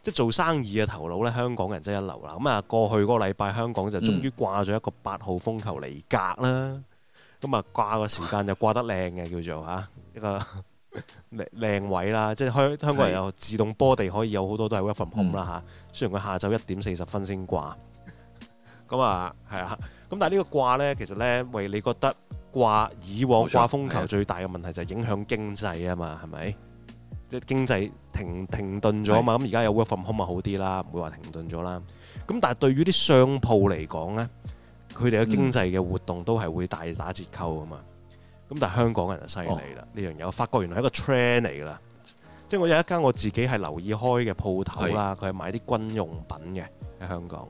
Speaker 1: 即係做生意嘅頭腦咧，香港人真係一流啦。咁啊，過去嗰個禮拜，香港就終於掛咗一個八號風球離格啦。嗯。咁啊，掛個時間就掛得靚嘅，叫做嚇一個靚 位啦，即係香香港人有自動波地可以有好多都係 work from home 啦，嚇，雖然佢下晝一點四十分先掛，咁啊係啊，咁但係呢個掛呢，其實呢，喂，你覺得掛以往掛風球最大嘅問題就係影響經濟啊嘛，係咪？即係經濟停停頓咗嘛，咁而家有 work from home 咪好啲啦，唔會話停頓咗啦。咁但係對於啲商鋪嚟講呢，佢哋嘅經濟嘅活動都係會大打折扣咁嘛。咁但係香港人就犀利啦，呢樣嘢我發覺原來係一個 trend 嚟嘅啦，即係我有一間我自己係留意開嘅鋪頭啦，佢係賣啲軍用品嘅喺香港，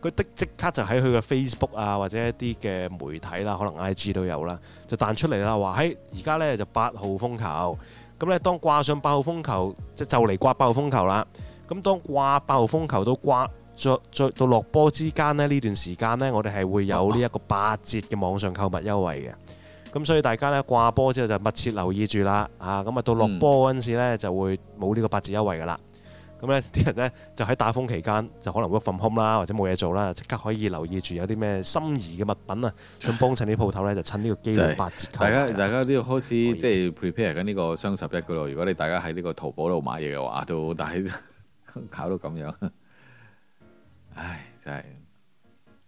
Speaker 1: 佢的即刻就喺佢嘅 Facebook 啊，或者一啲嘅媒體啦，可能 IG 都有啦，就彈出嚟啦，話喺而家呢，就八號風球，咁咧當掛上八號風球即就嚟掛八號風球啦，咁當掛八號風球都掛。在在到落波之間呢，呢段時間呢，我哋係會有呢一個八折嘅網上購物優惠嘅。咁、啊嗯、所以大家呢，掛波之後就密切留意住啦。啊，咁啊到落波嗰陣時咧就會冇呢個八折優惠噶啦。咁呢啲人呢，就喺打風期間就可能會 work from home 啦，或者冇嘢做啦，即刻可以留意住有啲咩心儀嘅物品啊，想幫襯啲鋪頭呢，就趁呢個機會、就是、八折大。
Speaker 2: 大家大家都要開始即係 prepare 緊呢個雙十一噶咯。如果你大家喺呢個淘寶度買嘢嘅話，都但係搞到咁樣。
Speaker 1: 唉，真係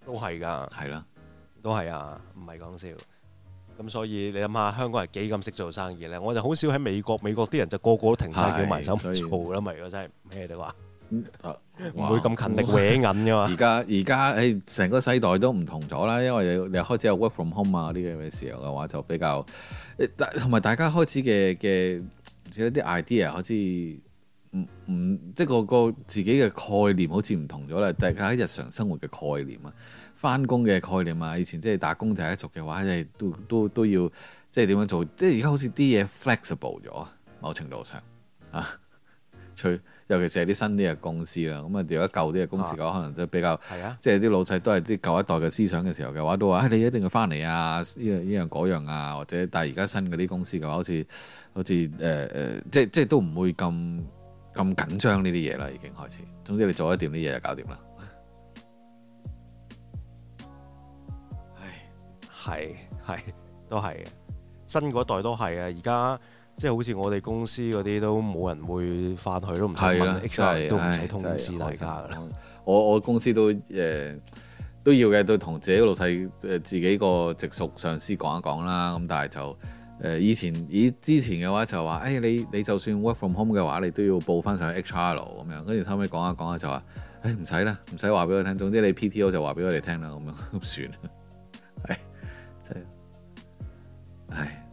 Speaker 1: 都係噶，係啦的，都係啊，唔係講笑。咁所以你諗下，香港人幾咁識做生意咧？我就好少喺美國，美國啲人就個個都停晒的叫埋手唔做啦，咪咯以真係咩你話？
Speaker 2: 唔、啊、會咁勤力搲
Speaker 1: 銀噶嘛？哇而家而家誒，成個世代都唔同
Speaker 2: 咗啦，因為你你開始有 work from home 啊啲咁嘅時候嘅話，就比較，同埋大家開始嘅嘅，而且啲 idea 好似。唔唔，即係個個自己嘅概念好似唔同咗啦。大家喺日常生活嘅概念啊，翻工嘅概念啊，以前即係打工仔一族嘅話，都都都要即係點樣做？即係而家好似啲嘢 flexible 咗，某程度上啊，除尤其是係啲新啲嘅公司啦，咁、嗯、啊，如果舊啲嘅公司嘅話，啊、可能都比較，係啊，即係啲老細都係啲舊一代嘅思想嘅時候嘅話，都話、哎、你一定要翻嚟啊，呢樣呢樣嗰樣啊，或者但係而家新嗰啲公司嘅話，好似好似誒誒，即係即係都唔會咁。咁緊張呢啲嘢啦，已經
Speaker 1: 開始。總之你做一掂啲嘢就搞掂啦。唉，係係都係新嗰代都係啊。而家即係好似我哋公司嗰啲都冇人會翻去都唔使問，的就是、都唔使通知大家啦、就是。我我公司都誒、呃、都要嘅，都同自己老
Speaker 2: 細誒自己個直屬上司講一講啦。咁但係就。誒以前以之前嘅話就話，誒、哎、你你就算 work from home 嘅話，你都要報翻上去 HR 咁樣，跟住後尾講下講下就話，誒唔使啦，唔使話俾我聽，總之你 PTO 就話俾我哋聽啦，咁樣，咁樣算啦，係
Speaker 1: 真係，唉。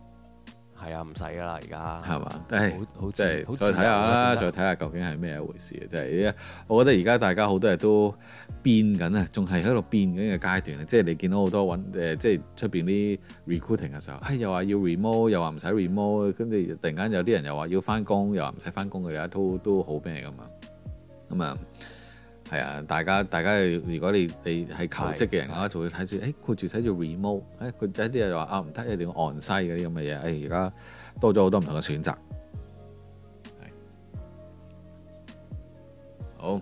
Speaker 1: 係啊，唔使噶啦，而家係嘛？誒是，好即係、就是、再睇下啦，再
Speaker 2: 睇下究竟係咩一回事啊！即、就、係、是、我覺得而家大家好多嘢都變緊啊，仲係喺度變緊嘅階段即係你見到好多揾、呃、即係出邊啲 recruiting 嘅時候，誒、哎、又話要 remote 又話唔使 remote 跟住突然間有啲人又話要翻工，又話唔使翻工嘅，有一套都好咩嘅嘛，咁啊～係啊，大家大家如果你你係求職嘅人啊，的就會睇住，誒括住寫住 remote，誒佢一啲又話啊唔得，一定要 on site 嗰啲咁嘅嘢，誒而家多咗好多唔同嘅選擇。嗯、
Speaker 1: 好，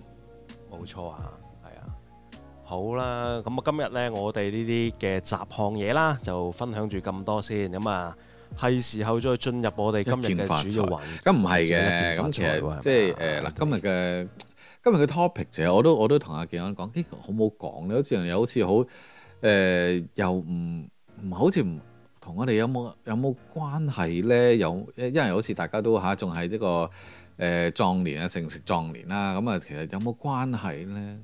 Speaker 1: 冇錯啊，係啊，好啦，咁啊今日咧我哋呢啲嘅雜項嘢啦，就分享住咁多先，咁啊係時候再進入我哋今日嘅主要環咁唔係嘅，咁、嗯嗯、其實即係誒嗱今日嘅。
Speaker 2: 今日嘅 topic 就我都我都同阿健哥講，呢個好冇講呢，好似又好似好誒、呃，又唔唔好似唔同我哋有冇有冇關係呢？有，因為好似大家都吓，仲係呢個誒、呃、壯,壯年啊，成食壯年啊，咁啊，其實有冇關係呢？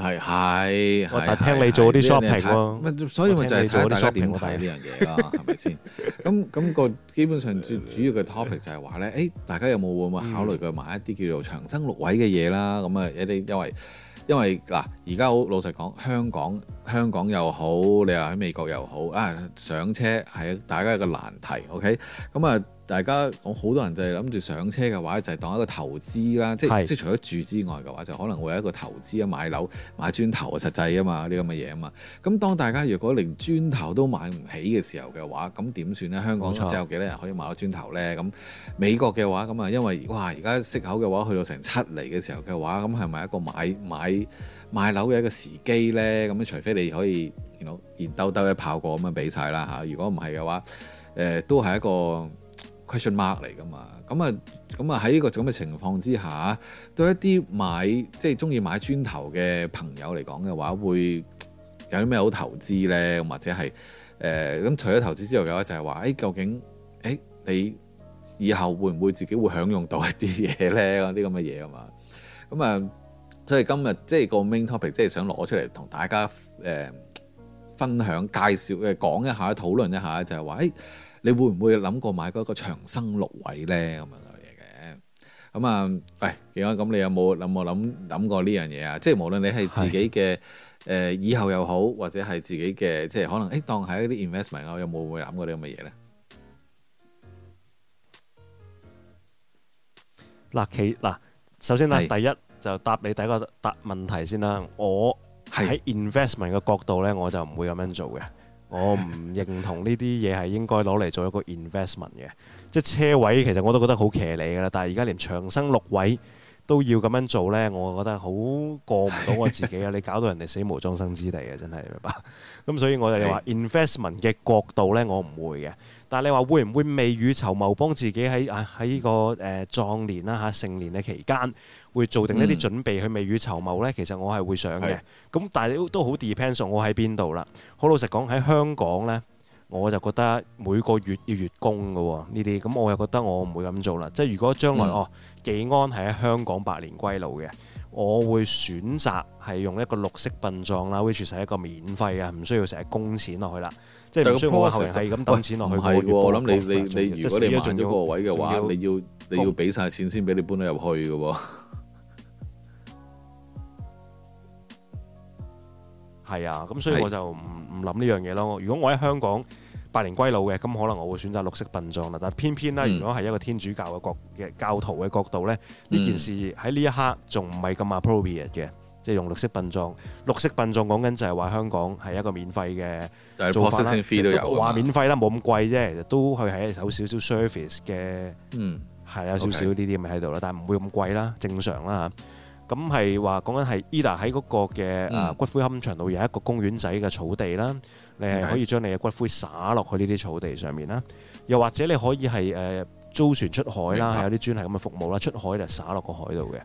Speaker 2: 係係係，但聽你做啲 shopping 喎。所以咪就係睇睇啲 s 睇呢、喔、樣嘢啦，係咪先？咁、那、咁個基本上最主要嘅 topic 就係話咧，誒，大家有冇會唔會考慮過買一啲叫做長生祿位嘅嘢啦？咁啊一啲因為因為嗱，而家好老實講，香港香港又好，你話喺美國又好啊，上車係大家一個難題。OK，咁啊。大家我好多人就係諗住上車嘅話，就係、是、當一個投資啦，即係是即係除咗住之外嘅話，就可能會有一個投資啊，買樓買磚頭啊，實際啊嘛呢咁嘅嘢啊嘛。咁當大家如果連磚頭都買唔起嘅時候嘅話，咁點算呢？香港即係有幾多人可以買到磚頭呢？咁錯美國嘅話咁啊，因為哇而家息口嘅話去到成七釐嘅時候嘅話，咁係咪一個買買買樓嘅一個時機呢？咁除非你可以，然 you 後 know, 兜兜一炮過咁樣俾曬啦嚇。如果唔係嘅話，誒、呃、都係一個。Question mark 嚟噶嘛？咁啊，咁啊喺呢個咁嘅情況之下，對一啲買即係鍾意買磚頭嘅朋友嚟講嘅話，會有啲咩好投資咧？或者係誒咁除咗投資之外嘅話，就係話誒究竟誒你以後會唔會自己會享用到一啲嘢咧？啲咁嘅嘢啊嘛。咁、嗯、啊，所以今日即係個 main topic，即係想攞出嚟同大家誒、呃、分享、介紹嘅講一下、討論一下，就係話誒。誒你會唔會諗過買嗰個長生祿位呢？咁樣嘅嘢嘅？咁、哎、啊，喂，點解咁？你有冇諗冇諗諗過呢樣嘢啊？即係無論你係自己嘅誒的、呃，以後又好，或者係自己嘅，即係可能誒、欸，當係一啲 investment 我有冇會諗過呢咁嘅嘢呢？
Speaker 1: 嗱，其嗱，首先啦，的第一就答你第一個答問題先啦。我喺 investment 嘅角度咧，我就唔會咁樣做嘅。我唔認同呢啲嘢係應該攞嚟做一個 investment 嘅，即係車位其實我都覺得好騎呢噶啦，但係而家連長生祿位都要咁樣做呢，我覺得好過唔到我自己啊！ 你搞到人哋死無葬身之地啊，真係，明白？咁所以我哋話 investment 嘅角度呢，我唔會嘅。但係你話會唔會未雨綢繆幫自己喺喺、呢個誒、呃、壯年啦嚇成年嘅期間？會做定一啲準備去未雨綢繆咧，其實我係會想嘅。咁的但係都好 depends on 我喺邊度啦。好老實講喺香港咧，我就覺得每個月要月供嘅呢啲咁，我又覺得我唔會咁做啦。即係如果將來、嗯、哦，幾安係喺香港百年歸老嘅，我會選擇係用一個綠色殯葬啦，which 係一個免費嘅，唔需要成日供錢落去啦。即係唔需要我後面係咁抌錢落去。唔係嘅喎，我諗你你，你，你如果你買咗嗰個位嘅話，要你要
Speaker 2: 你要俾曬錢先俾你搬得入去嘅喎。
Speaker 1: 係啊，咁所以我就唔唔諗呢樣嘢咯。如果我喺香港百年歸老嘅，咁可能我會選擇綠色殯葬啦。但偏偏咧，嗯、如果係一個天主教嘅角嘅教徒嘅角度咧，呢、嗯、件事喺呢一刻仲唔係咁 appropriate 嘅，即係用綠色殯葬。綠色殯葬講緊就係話香港係一個免費嘅做法，話免費啦，冇咁貴啫，其實都係係有少少，少 service 嘅。
Speaker 2: 嗯，
Speaker 1: 係有少少呢啲嘢喺度啦，但係唔會咁貴啦，正常啦。咁係話講緊係 Ella 喺嗰個嘅、啊骨灰龕場度有一個公園仔嘅草地啦，你係可以將你嘅骨灰撒落去呢啲草地上面啦，又或者你可以係誒租船出海啦，有啲專係咁嘅服務啦，出海就撒落個海度嘅。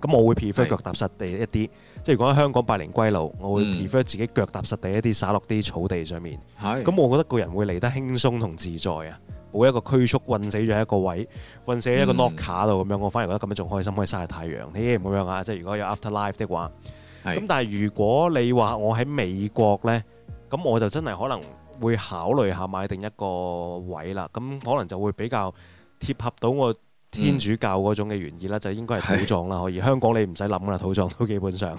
Speaker 1: 咁我會 prefer 腳踏實地一啲，即係如果喺香港百年歸老，我會 prefer 自己腳踏實地一啲撒落啲草地上面。咁我覺得個人會嚟得輕鬆同自在啊。冇一個拘束，困死咗一個位，困死喺一個 lock 卡度咁樣，嗯、我反而覺得咁樣仲開心，可以曬太陽添咁樣啊！即係如果有 afterlife 的話，咁是 但係如果你話我喺美國呢，咁我就真係可能會考慮下買定一個位啦，咁可能就會比較貼合到我天主教嗰種嘅原意啦，嗯、就應該係土葬啦，是 可以香港你唔使諗啦，土葬都基本上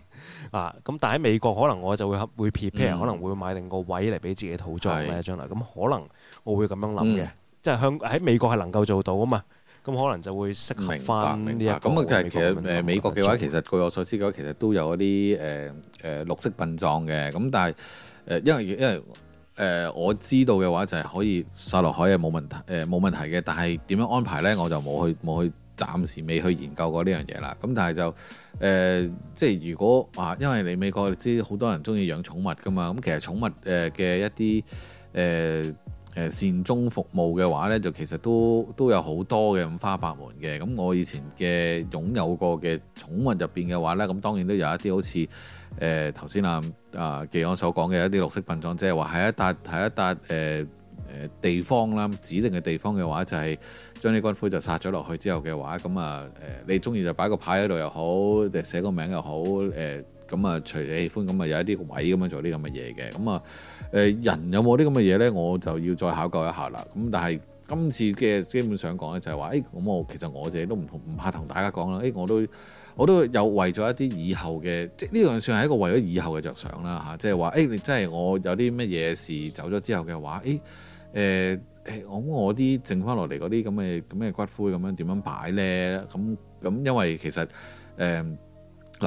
Speaker 1: 啊，咁 但係喺美國可能我就會會 prepare，可能會買定個位嚟俾自己土葬咧，是 將來咁可能我會咁樣諗嘅。嗯嗯即係向喺美國係能夠做到啊嘛，咁可能就會適合翻呢一個。咁啊，就係其實誒美國
Speaker 2: 嘅話，其實據我所知嘅話，其實都有一啲誒誒綠色殯葬嘅。咁但係誒，因為因為誒我知道嘅話，就係可以撒落海係冇問題誒冇問題嘅。但係點樣安排咧，我就冇去冇去，暫時未去研究過呢樣嘢啦。咁但係就誒、呃，即係如果啊，因為你美國你知好多人中意養寵物㗎嘛，咁其實寵物誒嘅一啲誒。呃善終服務嘅話呢，就其實都都有好多嘅五花八門嘅。咁我以前嘅擁有過嘅寵物入邊嘅話呢，咁當然都有一啲好似誒頭先啊啊紀安所講嘅一啲綠色殯葬，即係話喺一笪喺一笪誒誒地方啦，指定嘅地方嘅話就係將啲骨灰就撒咗落去之後嘅話，咁啊誒你中意就擺個牌喺度又好，就寫個名又好誒。呃咁啊，隨你喜歡，咁啊有一啲位咁樣做啲咁嘅嘢嘅，咁啊，誒人有冇啲咁嘅嘢咧？我就要再考究一下啦。咁但係今次嘅基本想講咧，就係話，咁我其實我自己都唔同，唔怕同大家講啦。誒、欸，我都我都有為咗一啲以後嘅，即呢樣算係一個為咗以後嘅着想啦，嚇、啊，即係話，誒、欸，你即係我有啲乜嘢事走咗之後嘅話，誒，誒，誒，我啲剩翻落嚟嗰啲咁嘅咁嘅骨灰咁樣點樣擺咧？咁咁，因為其實誒。欸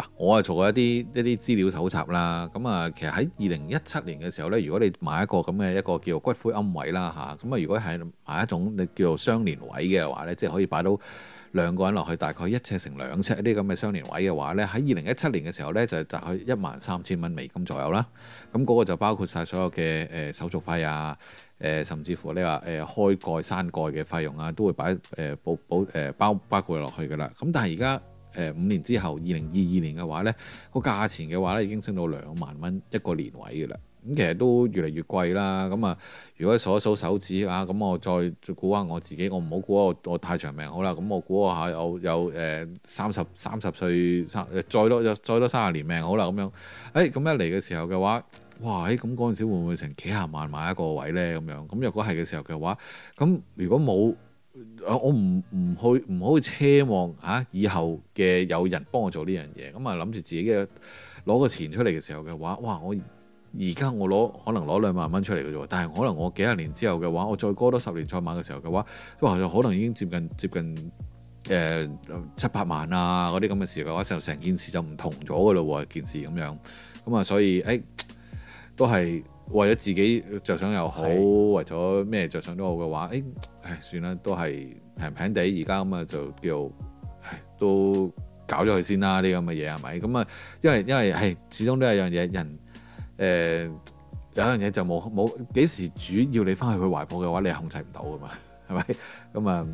Speaker 2: 嗱，我係做過一啲一啲資料搜集啦，咁啊，其實喺二零一七年嘅時候呢，如果你買一個咁嘅一個叫做骨灰龕位啦嚇，咁啊，如果係買一種你叫做雙連位嘅話呢，即係可以擺到兩個人落去，大概一尺乘兩尺啲咁嘅雙連位嘅話呢，喺二零一七年嘅時候呢，就大概一萬三千蚊美金左右啦。咁嗰個就包括晒所有嘅誒手續費啊，誒甚至乎你話誒開蓋、閂蓋嘅費用啊，都會擺誒保保誒包包括落去㗎啦。咁但係而家。誒五年之後，二零二二年嘅話，呢個價錢嘅話咧已經升到兩萬蚊一個年位嘅啦。咁其實都越嚟越貴啦。咁啊，如果數一數手指啊，咁我再估下我自己，我唔好估我太長命好啦。咁我估下我有有誒三十三十歲三，再多再多三十年命好啦。咁樣，誒、欸、咁一嚟嘅時候嘅話，哇！咁嗰陣時會唔會成幾廿萬買一個位呢？咁樣，咁若果係嘅時候嘅話，咁如果冇。啊、我唔唔去唔可奢望嚇、啊、以後嘅有人幫我做呢樣嘢，咁啊諗住自己嘅攞個錢出嚟嘅時候嘅話，哇！我而家我攞可能攞兩萬蚊出嚟嘅啫，但係可能我幾十年之後嘅話，我再過多十年再買嘅時候嘅話，可能已經接近接近誒、呃、七八萬啊嗰啲咁嘅事嘅話，成成件事就唔同咗嘅咯喎，件事咁樣，咁、嗯、啊所以誒、哎、都係。為咗自己着想又好，的為咗咩着想都好嘅話，誒誒算啦，都係平平地而家咁啊，就叫都搞咗佢先啦。啲咁嘅嘢係咪咁啊？因為因為係始終都係一樣嘢人誒、呃，有一樣嘢就冇冇幾時主要你翻去佢懷抱嘅話，你控制唔到㗎嘛，係咪咁啊？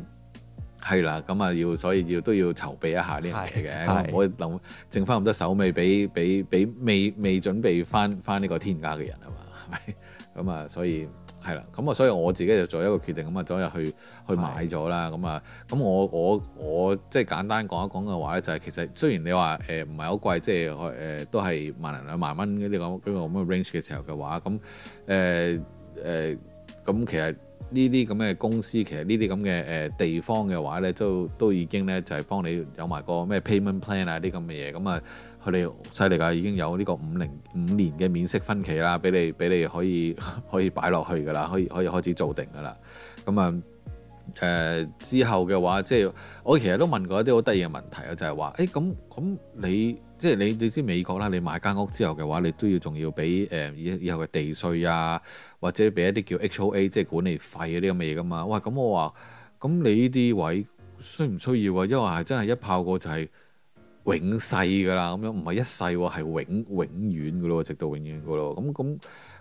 Speaker 2: 係、嗯、啦，咁啊要所以要都要籌備一下呢樣嘢嘅，我諗剩翻咁多手尾俾俾俾未未，未準備翻翻呢個天家嘅人啊嘛。咁啊、 嗯，所以係啦，咁啊，所以我自己就做一個決定，咁是的、嗯、啊，昨日去去買咗啦，咁啊，咁、啊、我我我即係簡單講一講嘅話咧，就係、是、其實雖然你話誒唔係好貴，即係誒、呃、都係萬零兩萬蚊嗰啲咁嗰個 range 嘅時候嘅話，咁誒誒咁其實呢啲咁嘅公司，其實呢啲咁嘅誒地方嘅話咧，都都已經咧就係、是、幫你有埋個咩 payment plan 啊啲咁嘅嘢，咁、嗯、啊。佢哋犀利㗎，已經有呢個五零五年嘅免息分期啦，俾你俾你可以可以擺落去㗎啦，可以可以，可以開始做定㗎啦。咁啊誒之後嘅話，即係我其實都問過一啲好得意嘅問題啊，就係話誒咁咁你即係你你知美國啦，你買間屋之後嘅話，你都要仲要俾誒以以後嘅地稅啊，或者俾一啲叫 HOA 即係管理費啊，啲咁嘅嘢㗎嘛。喂，咁我話咁你呢啲位需唔需要啊？因為係真係一炮過就係。永世噶啦，咁樣唔係一世喎，係永永遠噶咯，直到永遠噶咯。咁咁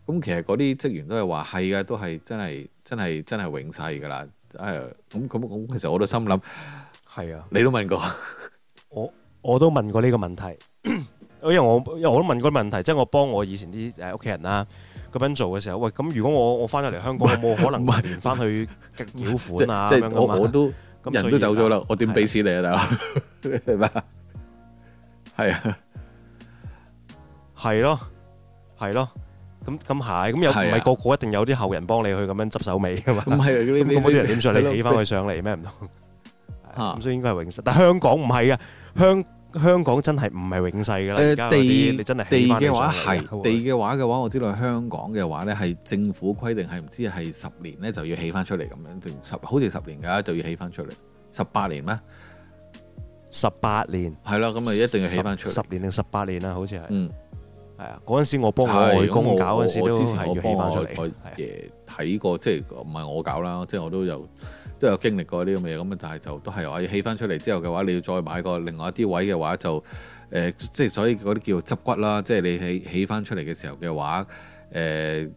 Speaker 2: 咁，其實嗰啲職員都係話係啊，都係真係真係真係永世噶啦。誒，
Speaker 1: 咁咁咁，其實我都心諗係啊。你都問過我，我都問過呢個問題。因 為我因為我都問過問題，即係我幫我以前啲誒屋企人啦，咁樣做嘅時候，喂，咁如果我我翻咗嚟香港，是有冇可能翻去繳款啊？即係我我都人都走咗啦，我點俾錢你啊？大佬係嘛？係啊，係咯、啊，係咯、啊，咁咁係，咁又唔係個個一定有啲後人幫你去咁樣執手尾噶嘛？咁係咁，咁嗰啲人點上你起翻佢上嚟咩？唔同啊，咁所以應該係永世，啊嗯啊、但香港唔係啊，香港香港真係唔係永世噶啦、呃。地你真係地嘅話係地
Speaker 2: 嘅話嘅話，吧的話的話我知道香港嘅話咧係政府規定係唔知係十年咧就要起翻出嚟咁樣定十好似十年噶就要起翻出嚟，十八年咩？十八年，係啦，咁咪一定要起翻出嚟。十
Speaker 1: 年定十八年啦，好似係。嗯，係啊，嗰陣時我幫我外公搞我之前都係要起翻出嚟。
Speaker 2: 誒，睇過即係唔係我搞啦，啊、即係我都有都有經歷過呢樣嘢，咁啊，但係就都係要起翻出嚟之後嘅話，你要再買個另外一啲位嘅話,、呃、話，就、呃、誒，即係所以嗰啲叫執骨啦，即係你起起翻出嚟嘅時候嘅話，誒。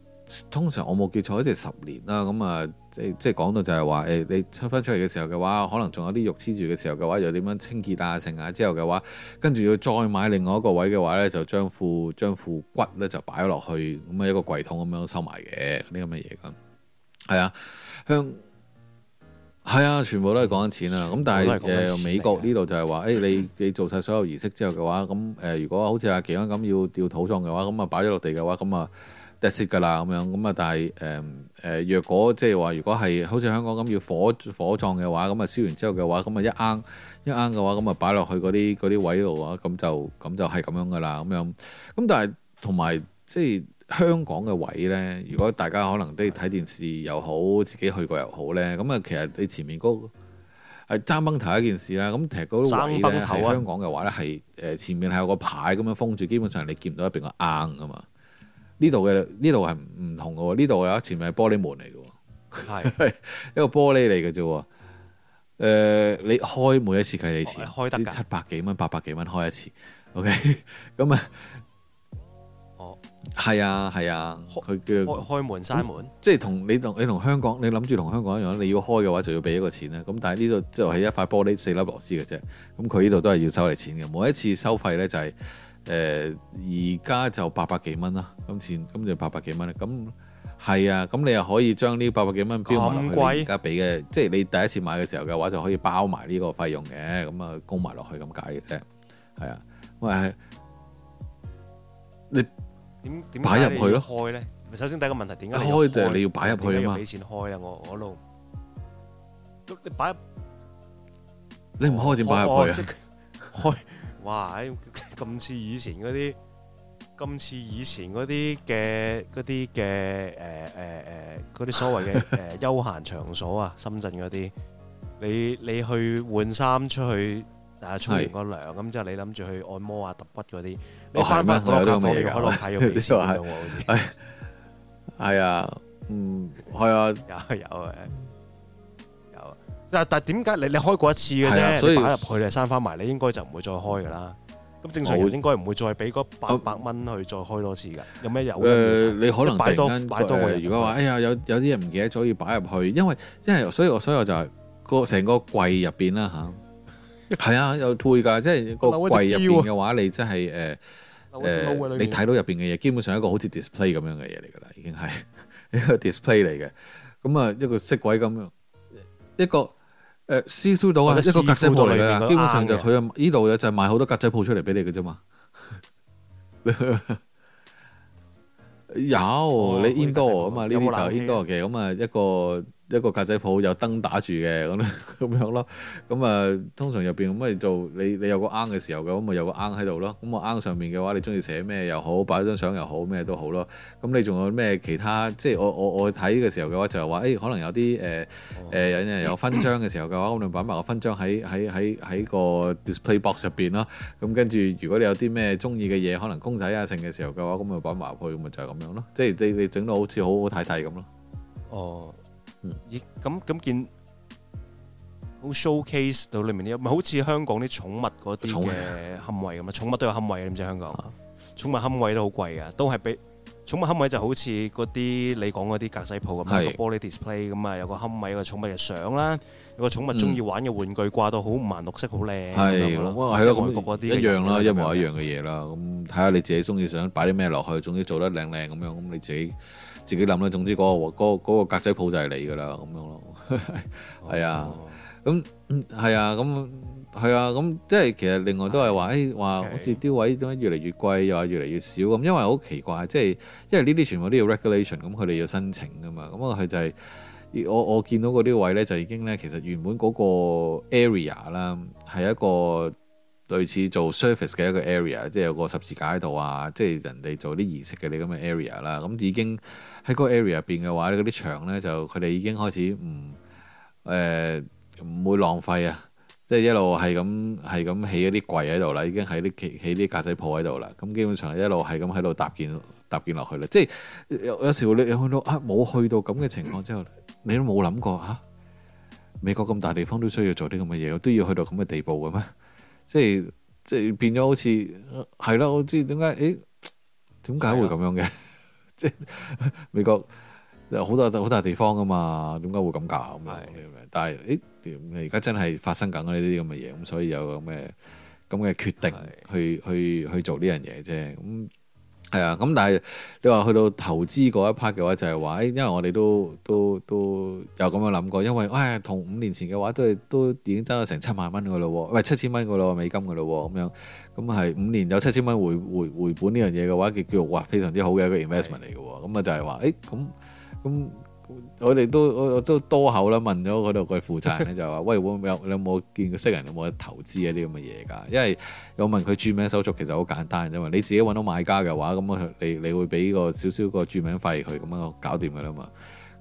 Speaker 2: 通常我冇記錯，即係十年啦。咁啊，即即係講到就係話，誒、哎、你出翻出嚟嘅時候嘅話，可能仲有啲肉黐住嘅時候嘅話，又點樣清潔啊、剩啊之後嘅話，跟住要再買另外一個位嘅話咧，就將副將副骨咧就擺落去，咁、嗯、啊一個櫃桶咁樣收埋嘅呢咁嘅嘢咁。係啊，向係啊，全部都係講緊錢啦、啊。咁但係誒美國呢度就係話，誒你、嗯哎、你做晒所有儀式之後嘅話，咁誒、呃、如果好似阿奇安咁要掉土葬嘅話，咁啊擺咗落地嘅話，咁啊。一蝕㗎啦，咁樣咁啊！但係誒誒，若果即係話，如果係好似香港咁要火火葬嘅話，咁啊燒完之後嘅話，咁啊一坑一坑嘅話，咁啊擺落去嗰啲啲位度啊，咁就咁就係咁樣㗎啦，咁樣。咁但係同埋即係香港嘅位呢，如果大家可能都要睇電視又好，是的 自己去過又好呢，咁啊其實你前面嗰個爭崩頭一件事啦。咁其實嗰啲位咧喺香港嘅話呢，係誒、呃、前面係有個牌咁樣封住，基本上你見唔到入邊個坑㗎嘛。呢度嘅呢度係唔同嘅，呢度有一前面係玻璃門嚟
Speaker 1: 嘅，
Speaker 2: 係的 一個玻璃嚟嘅啫。誒、呃，你開每一次計你錢開得七百幾蚊、八百幾蚊開一次。OK，咁、 嗯哦、啊，哦，係啊，係啊開，佢叫開
Speaker 1: 開門、閂門，
Speaker 2: 即係同你同你同香港，你諗住同香港一樣，你要開嘅話就要俾一個錢啦。咁但係呢度就係一塊玻璃、四粒螺絲嘅啫。咁佢呢度都係要收你錢嘅，每一次收費咧就係、是。誒而家就八百幾蚊啦，今次今次八百幾蚊咧，咁係、嗯、啊，咁、嗯、你又可以將呢八百幾蚊供埋落去而家俾嘅，即係你第一次買嘅時候嘅話就可以包埋呢個費用嘅，咁啊供埋落去咁解嘅啫，係、嗯、啊，喂、嗯，你
Speaker 1: 點點擺入去咯？開咧，首先第一個問題點解開，開就係你要擺入去啊嘛？俾錢開啊，我我你擺，
Speaker 2: 你唔開點擺入去啊？
Speaker 1: 開，哇！ 咁似以前嗰啲，咁似以前嗰啲嘅嗰啲嘅誒誒誒嗰啲所謂嘅誒休閒場所啊，深圳嗰啲，你你去換衫出去啊，沖完個涼咁之後，你諗住去按摩啊、揼骨嗰啲，咩嘢都可能啲嘢係喎，係係啊，嗯，係啊，啊，有有、啊、嘅，有，啊有，啊有啊，但但點解你你開過一次嘅啫、啊，所以擺入去你閂翻埋，你應該就唔會再開噶啦。咁正常應該唔會再俾嗰百百蚊去再開多次㗎，啊、有咩油？誒、呃，你可能突然間誒，如果話、嗯、
Speaker 2: 哎呀，有有啲人唔記得咗要擺入去，因為因為所以我所以我就係、是、個成個櫃入邊啦嚇，係啊，啊，有退㗎，即係個櫃入邊嘅話，你真係誒誒，你睇到入邊嘅嘢，基本上一個好似 display 咁樣嘅嘢嚟㗎啦，已經係 一個 display 嚟嘅，咁啊一個色鬼咁樣，一個。誒，師到島啊，一個格仔鋪嚟嘅，試試基本上就佢啊呢度呢就賣好多格仔鋪出嚟俾你嘅啫嘛。 有、啊、你 indoor 啊嘛，呢啲就 indoor 嘅咁啊一個。一個格仔鋪有燈打住嘅咁 樣咁樣咯，咁啊通常入邊咁咪做你你有個啱嘅時候嘅咁咪有個啱喺度咯，咁啊啱上面嘅話你中意寫咩又好，擺張相又好咩都好咯。咁你仲有咩其他？即係我我我睇嘅時候嘅話就係話誒，可能有啲誒誒人有勳章嘅時候嘅話，我咪擺埋個勳章喺喺喺喺個 display box 入邊咯。咁跟住如果你有啲咩中意嘅嘢，可能公仔啊剩嘅時候嘅話，咁咪擺埋入去，咁咪就係、是、咁樣咯。即係你你整到好似好好睇睇咁咯。哦。
Speaker 1: Oh. 咦，咁咁見好 showcase 到裏面啲，唔係好似香港啲寵物嗰啲嘅龕位咁啊？寵物都有龕位嘅，你知香港？寵物龕位都好貴噶，都係比寵物龕位就好似嗰啲你講嗰啲格仔鋪咁，個玻璃 display 咁啊，有個龕位個寵物嘅相啦，有個寵物中意玩嘅玩具掛到好五顏六色，好靚係，係咯，外國嗰啲一樣啦，一模
Speaker 2: 一樣嘅嘢啦。咁睇下你自己中意想擺啲咩落去，總之做得靚靚咁樣，咁你自己。自己諗啦，總之嗰、嗰個嗰個格仔鋪就係你噶啦，咁樣咯，係 啊，咁係、哦、啊，咁係啊，咁即係其實另外都係話，誒話的好似啲位點解越嚟越貴，又話越嚟越少咁，因為好奇怪，即係因為呢啲全部都要 regulation，咁佢哋要申請噶嘛，咁啊佢就係、係、我我見到嗰啲位咧就已經咧，其實原本嗰個 area 啦係一個。類似做 service 嘅一個 area，即係有個十字架喺度啊，即係人哋做啲儀式嘅你咁嘅 area 啦、嗯。咁已經喺個 area 入邊嘅話，嗰啲牆呢，就佢哋已經開始唔誒唔會浪費啊，即係一路係咁係咁起嗰啲櫃喺度啦，已經喺啲起啲格仔鋪喺度啦。咁基本上一路係咁喺度搭建搭建落去啦。即係有有時候你有有去到啊冇去到咁嘅情況之後，你都冇諗過吓、啊，美國咁大地方都需要做啲咁嘅嘢，我都要去到咁嘅地步嘅咩？即係即係變咗好似係啦，我知點解？誒，點解會咁樣嘅？即係的 美國有好多好大地方噶嘛，點解會咁搞咁樣？但係，誒，而家真係發生緊呢啲咁嘅嘢，咁所以有咁嘅咁嘅決定去的去去，去做呢樣嘢啫。咁、嗯。係啊，咁但係你話去到投資嗰一 part 嘅話就，就係話誒，因為我哋都都都有咁樣諗過，因為唉、哎，同五年前嘅話都係都已經爭咗成七萬蚊嘅咯喎，唔、嗯、係七千蚊嘅咯喎，美金嘅咯喎，咁樣，咁係五年有七千蚊回回回本呢樣嘢嘅話，叫叫做哇非常之好嘅一個 investment 嚟嘅喎，咁啊是的 就係話誒，咁、哎、咁。我哋都我都多口啦，問咗嗰度個負責人咧就話： 喂，我有有冇見過識人有冇得投資一啲咁嘅嘢噶？因為有問佢轉名手續其實好簡單嘅啫嘛，你自己搵到買家嘅話，咁你你會俾個少少個轉名費佢，咁樣搞掂噶啦嘛。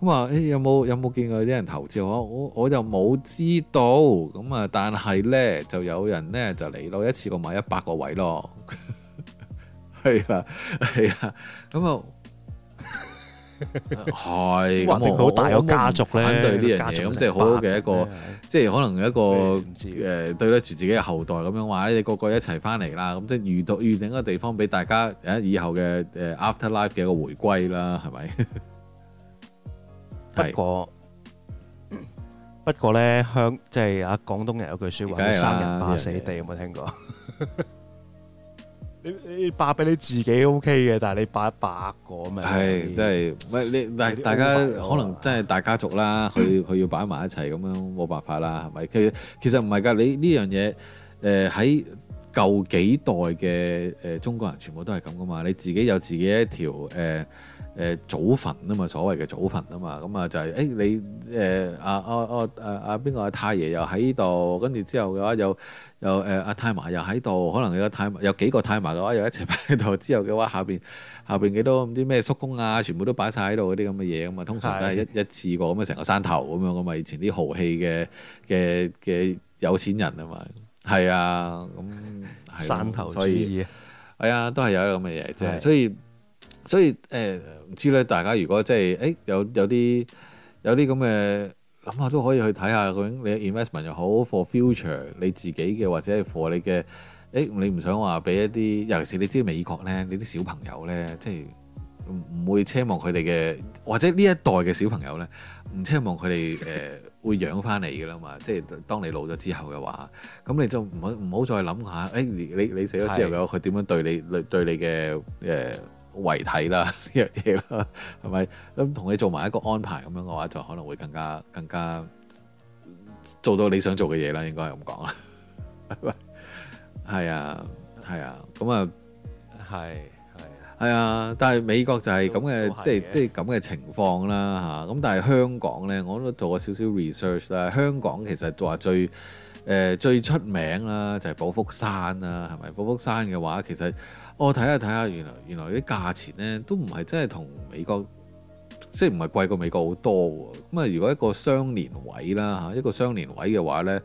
Speaker 2: 咁啊、欸，有冇有冇見過啲人投資？我我我又冇知道。咁啊，但係咧就有人咧就嚟到，一次過買一百個位咯，係啦係啦，咁啊。係好大個家族咧，反對呢樣嘢，咁即係好好嘅一個，即係、嗯、可能一個誒、呃，對得住自己嘅後代咁樣話你個個一齊翻嚟啦，咁、嗯、即係預到預訂一個地方俾大家誒以後嘅誒 afterlife 嘅一個回歸啦，係
Speaker 1: 咪？ 不過 不過咧，香即係啊廣東人有句說話，生人霸死地，有冇聽過？ 你你擺俾你自己 O K 嘅，但係你擺一百個咁樣，係即
Speaker 2: 係唔係你大大家可能真係大家族啦，佢佢 要擺埋一齊咁樣冇辦法啦，係咪？其實其實唔係㗎，你呢樣嘢誒喺舊幾代嘅誒、呃、中國人全部都係咁噶嘛，你自己有自己一條誒。呃誒祖墳、嗯就是欸呃、啊嘛，所謂嘅祖墳啊嘛，咁啊就係誒你誒啊啊啊啊啊邊個阿太爺又喺度，跟住之後嘅話又、呃啊、又誒阿太嫲又喺度，可能有太有幾個太嫲嘅話又一齊擺喺度，之後嘅話下邊下邊幾多唔知咩叔公啊，全部都擺晒喺度嗰啲咁嘅嘢啊嘛，通常都係一一次過咁嘅成個山頭咁樣咁嘛，的以前啲豪氣嘅嘅嘅有錢人啊嘛，係啊咁山頭主義，啊，係啊都係有啲咁嘅嘢啫，所以。所以誒，唔、呃、知咧，大家如果即係誒有有啲有啲咁嘅諗法都可以去睇下究竟你 investment 又好，for future 你自己嘅或者係 for 你嘅誒，你唔想話俾一啲，尤其是你知美國咧，你啲小朋友咧，即係唔會奢望佢哋嘅，或者呢一代嘅小朋友咧，唔奢望佢哋誒會養翻你噶啦嘛，即係當你老咗之後嘅話，咁你就唔好唔好再諗下誒，你你死咗之後嘅佢點樣對你係對，對你嘅誒？呃遺體啦，呢樣嘢啦，係咪咁同你做埋一個安排咁樣嘅話，就可能會更加更加做到你想做嘅嘢啦。應該係咁講啦。係啊，係啊，咁啊，係係啊。但係美國就係咁嘅，即係即係咁嘅情況啦，吓的，咁但係香港呢，我都做過少少 research 啦。香港其實話最誒、呃、最出名啦，就係寶福山啦，係咪？寶福山嘅話其實。我睇下睇下，原來原來啲價錢咧都唔係真係同美國，即係唔係貴過美國好多喎。咁啊，如果一個雙連位啦嚇，一個雙連位嘅話咧，誒、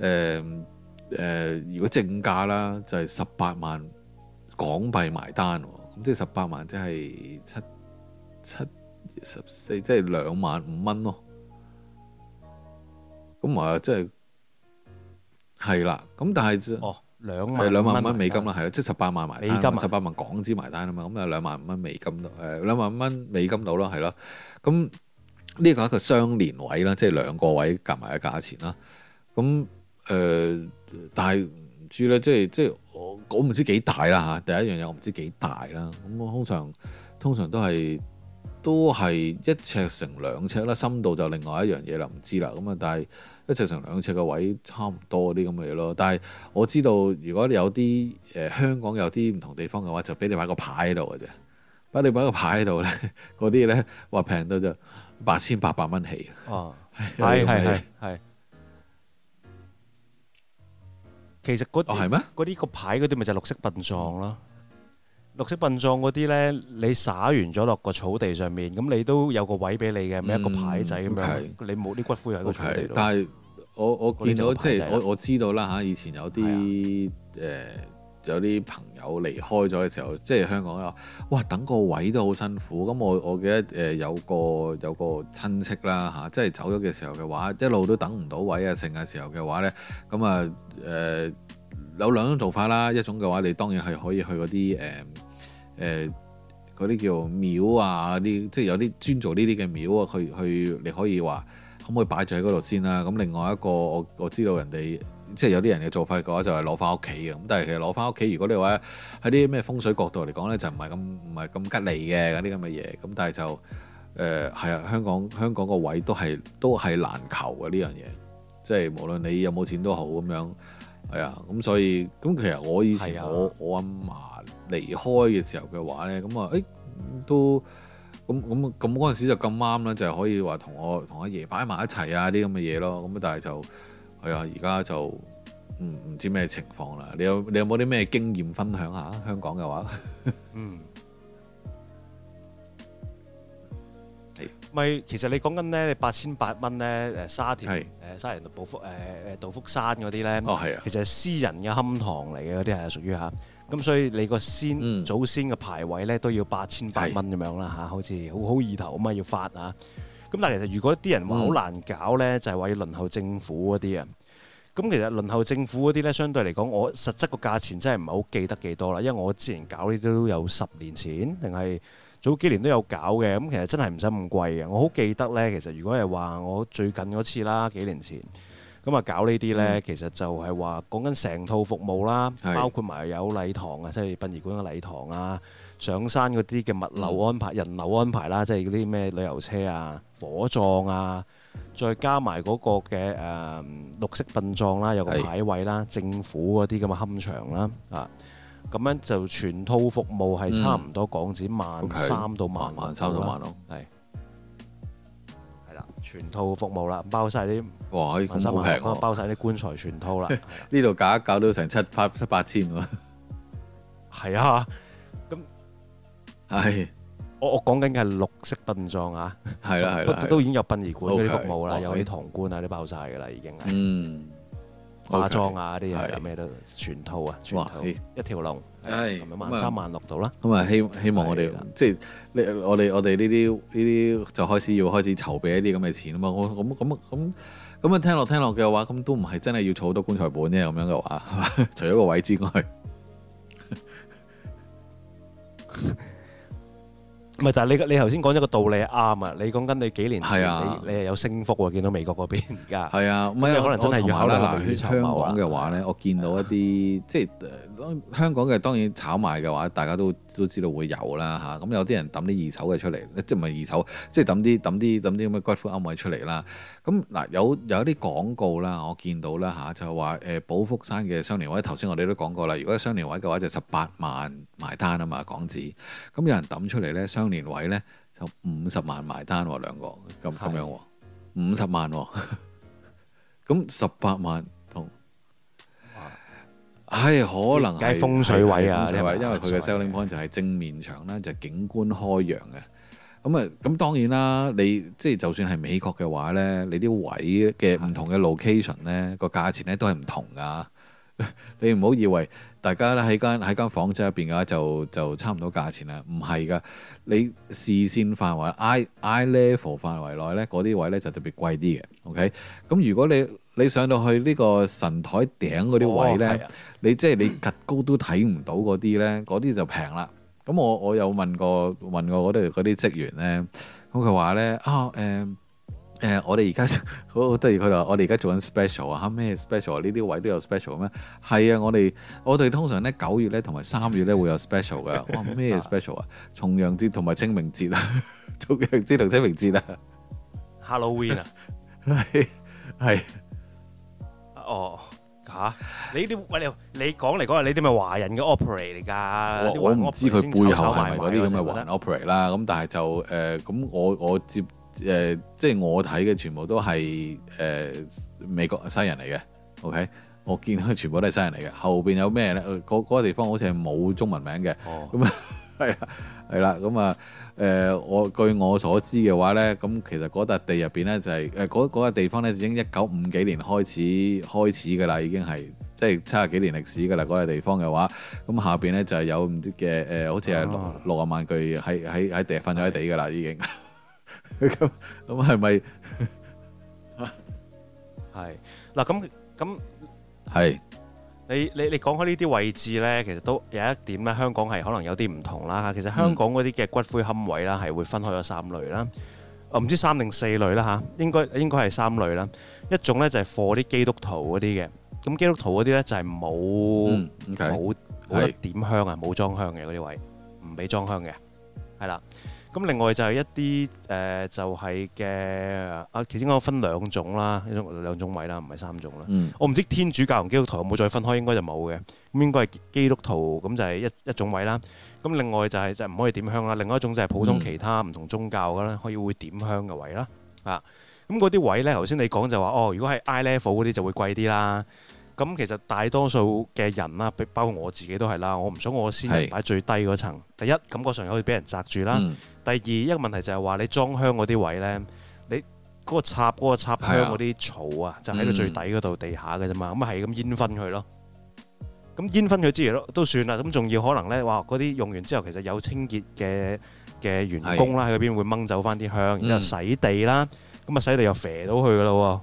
Speaker 2: 呃、誒、呃，如果正價啦就係十八萬港幣埋單喎，咁即係十八萬即係七七十四，即係兩萬五蚊咯。咁啊，即係係啦，咁但係哦。兩萬，兩萬蚊美金啦，係咯的，即係十八萬埋單，十八萬港紙埋單啊嘛，咁啊兩萬五蚊美金，誒兩萬五蚊美金到啦，係咯，咁呢個係一個雙連位啦，即、就、係、是、兩個位夾埋嘅價錢啦，咁誒、呃，但係唔知咧，即係即係我講唔知幾大啦嚇，第一樣嘢我唔知幾大啦，咁我通常通常都係都係一尺乘兩尺啦，深度就另外一樣嘢啦，唔知啦，咁啊，但係。一尺乘兩尺嘅位差唔多啲咁嘅嘢咯，但係我知道如果有啲誒、呃、香港有啲唔同地方嘅話，就俾你買個牌喺度嘅啫。不你買個牌喺度咧，嗰啲咧話平到就八千八百蚊起啊！係係係。係
Speaker 1: 是。其實嗰啲啲個牌嗰啲咪就綠色殯葬咯。綠色殯葬嗰啲咧，你撒完咗落個草地上面，咁你都有個位俾你嘅，咪、嗯、一個牌仔咁樣。是你冇啲骨灰喺個草地度。Okay, 但係。我我見到、啊、即係我我
Speaker 2: 知道啦嚇，以前有啲誒、啊呃、有啲朋友離開咗嘅時候，即係香港咧，哇等個位都好辛苦。咁我我記得誒、呃、有個有個親戚啦嚇、啊，即係走咗嘅時候嘅話，嗯、一路都等唔到位啊，剩嘅時候嘅話咧，咁啊誒有兩種做法啦，一種嘅話你當然係可以去嗰啲誒誒嗰啲叫廟啊，啲即係有啲專做呢啲嘅廟啊，去去你可以話。可唔可以擺住喺嗰度先啦。咁另外一個，我我知道人哋即係有啲人嘅做法嘅話，就係攞翻屋企嘅。咁但係其實攞翻屋企，如果你話喺啲咩風水角度嚟講咧，就唔係咁唔係咁吉利嘅嗰啲咁嘅嘢。咁但係就誒係啊，香港香港個位都係都係難求嘅呢樣嘢。即係無論你有冇錢都好咁樣係啊。咁、哎、所以咁其實我以前、啊、我我阿嫲離開嘅時候嘅話咧，咁啊誒都。咁咁咁嗰陣時就咁啱啦，就係可以話同我同阿爺擺埋一齊啊啲咁嘅嘢咯。咁但係就係啊，而家就唔唔、嗯、知咩情況啦。你有你有冇啲咩經驗分享下？香港嘅話， 嗯，
Speaker 1: 係、 啊、其實你講緊咧？八千八蚊咧，誒沙田誒、啊、沙田道寶福誒誒寶福山嗰啲咧，哦係啊，其實係私人嘅龕堂嚟嘅，嗰啲係屬於嚇。咁所以你個先、嗯、祖先嘅牌位咧都要八千八蚊咁樣啦嚇，是好似好好意頭啊嘛，要發啊！咁但係其實如果啲人話好難搞咧，哇就係話要輪候政府嗰啲啊。咁其實輪候政府嗰啲咧，相對嚟講，我實質個價錢真係唔係好記得幾多啦，因為我之前搞呢都有十年前，定係早幾年都有搞嘅。咁其實真係唔使咁貴嘅，我好記得咧。其實如果係話我最近嗰次啦，幾年前。咁啊，搞呢啲呢，其實就係話講緊成套服務啦，包括埋有禮堂啊，即、就、係、是、殯儀館嘅禮堂啊，上山嗰啲嘅物流安排、嗯、人流安排啦，即係嗰啲咩旅遊車啊、火葬啊，再加埋嗰個嘅誒綠色殯葬啦、啊，有個牌位啦，是政府嗰啲咁嘅龕場啦，啊，咁樣就全套服務係差唔多港紙、嗯 okay, 到 1 萬三到萬萬三到萬咯，全套服務啦，包晒啲哇，依個好平喎，包曬啲棺材全套啦，
Speaker 2: 呢度 搞一搞都成七八七八千喎。
Speaker 1: 係啊，咁係是，我我講緊嘅係綠色殯葬啊，係啦係都已經有殯儀館啲服務啦，okay, okay. 有啲銅棺啊啲包晒嘅啦，已經係。嗯化妝啊！嗰啲嘢咩都全套啊，哇！一條
Speaker 2: 龍，係咪的的萬三萬六度啦？咁啊希希望我哋的即係呢，我哋我哋呢啲呢啲就開始要開始籌備一啲咁嘅錢啊嘛！我咁咁咁咁啊聽落聽落嘅話，咁都唔係真係要儲好多棺材本啫。咁樣嘅話， 除咗個位之外。
Speaker 1: 唔係，但係你你頭先講咗個道理係啱啊！你講緊你幾年前，你你又有升幅喎，見到美國嗰邊而家。係啊，唔係，可能真係要考慮南於嘅話咧，我見
Speaker 2: 到一啲即係香港嘅當然炒賣嘅話，大家都都知道會有啦嚇。咁有啲人抌啲二手嘅出嚟，即唔係二手，即係抌啲抌啲抌啲咁嘅骨灰龕位出嚟啦。咁嗱，有有啲廣告啦，我見到啦吓、啊，就係話誒寶福山嘅雙連位，頭先我哋都講過啦，如果雙連位嘅話就十八萬埋單啊嘛港紙，咁有人抌出嚟咧，雙連位咧就五十萬埋單喎兩個，咁咁樣喎，五十的萬、啊，咁十八萬同，哇唉，可能係風水位啊，因為因為佢嘅 selling point 就係正面牆啦，就景觀開揚嘅。咁啊，咁當然啦，你即係就算係美國嘅話咧，你啲位嘅唔同嘅 location 咧，個的價錢咧都係唔同噶。 你唔好以為大家咧喺間喺間房仔入邊嘅話就就差唔多價錢啦，唔係噶。你視線範圍 I, i level 範圍內咧，嗰啲位咧就特別貴啲嘅。OK，咁如果你你上到去呢個神台頂嗰啲位咧，哦、你即係你趷高都睇唔到嗰啲咧，嗰啲就平啦。咁我我有問過問過嗰啲嗰啲職員咧，咁佢話咧啊誒誒、呃呃，我哋而家好得意，佢話我哋而家做緊 special 啊，吓咩 special 啊？呢啲位都有 special 咩？係啊，我哋我哋通常咧九月咧同埋三月咧會有 special 㗎，哇咩 special 啊？重陽節同埋清明節啊，重陽節同清明節啊
Speaker 1: ，Halloween 啊 ，
Speaker 2: 係係哦。
Speaker 1: Oh. 嚇！你啲餵你說說你講嚟講係你哋咪華人嘅 operate 嚟㗎？我唔知佢背後係咪嗰啲咁嘅華人
Speaker 2: operate 啦。咁但係就誒咁我我接誒即係我睇嘅全部都係誒、呃、美國西人嚟嘅。OK，我見到佢全部都係西人嚟嘅。後邊有咩咧？嗰、呃嗰個地方好似係冇中文名嘅。咁啊、哦。嗯 係啦，係啦，咁啊，誒、呃，我據我所知嘅話咧，咁其實嗰笪地入邊咧就係誒嗰個地方咧，已經一九五幾年開始開始嘅啦，已經係即係七十幾年歷史嘅啦，嗰個地方嘅話，咁下邊咧就係有唔知嘅誒、呃，好似係六六十萬句喺喺喺地瞓咗喺地嘅啦，已經。咁咁係咪？係
Speaker 1: 嗱， 咁咁係。 你你你講開呢啲位置咧，其實都有一點咧，香港係可能有啲唔同啦嚇。其實香港嗰啲嘅骨灰龕位啦，係會分開咗三類啦，嗯、啊、唔知三定四類啦嚇，應該應該係三類啦。一種咧就係 for 啲基督徒嗰啲嘅，咁基督徒嗰啲咧就係冇冇冇得點香啊，冇是裝香嘅嗰啲位，唔俾裝香嘅，係啦。咁另外就係一啲誒、呃，就係嘅啊，其實應該分兩種啦，一種兩種位啦，唔係三種啦。嗯、我唔知天主教同基督徒有冇再分開，應該就冇嘅。咁應該係基督徒咁就係一一種位啦。咁另外就係、是、就唔、是、可以點香啦。另外一種就係普通其他唔同宗教嘅啦，嗯、可以會點香嘅位啦。啊，咁嗰啲位呢，頭先你講就話哦，如果係 I level 嗰啲就會貴啲啦。咁其實大多數嘅人啦，包括我自己都係啦，我唔想我先人擺最低嗰層。是第一感覺上可以俾人壓住啦。嗯、第二一個問題就係話你裝香嗰啲位呢，你嗰個插嗰、嗰個插香嗰啲槽啊，就喺個最底嗰度地下嘅啫嘛。咁啊係咁煙熏佢咯。咁煙熏佢之餘咯都算啦。咁仲要可能呢，哇嗰啲用完之後其實有清潔嘅嘅員工啦喺嗰邊會掹走翻啲香，嗯、然之後洗地啦，咁啊洗，洗地又肥到佢噶啦喎。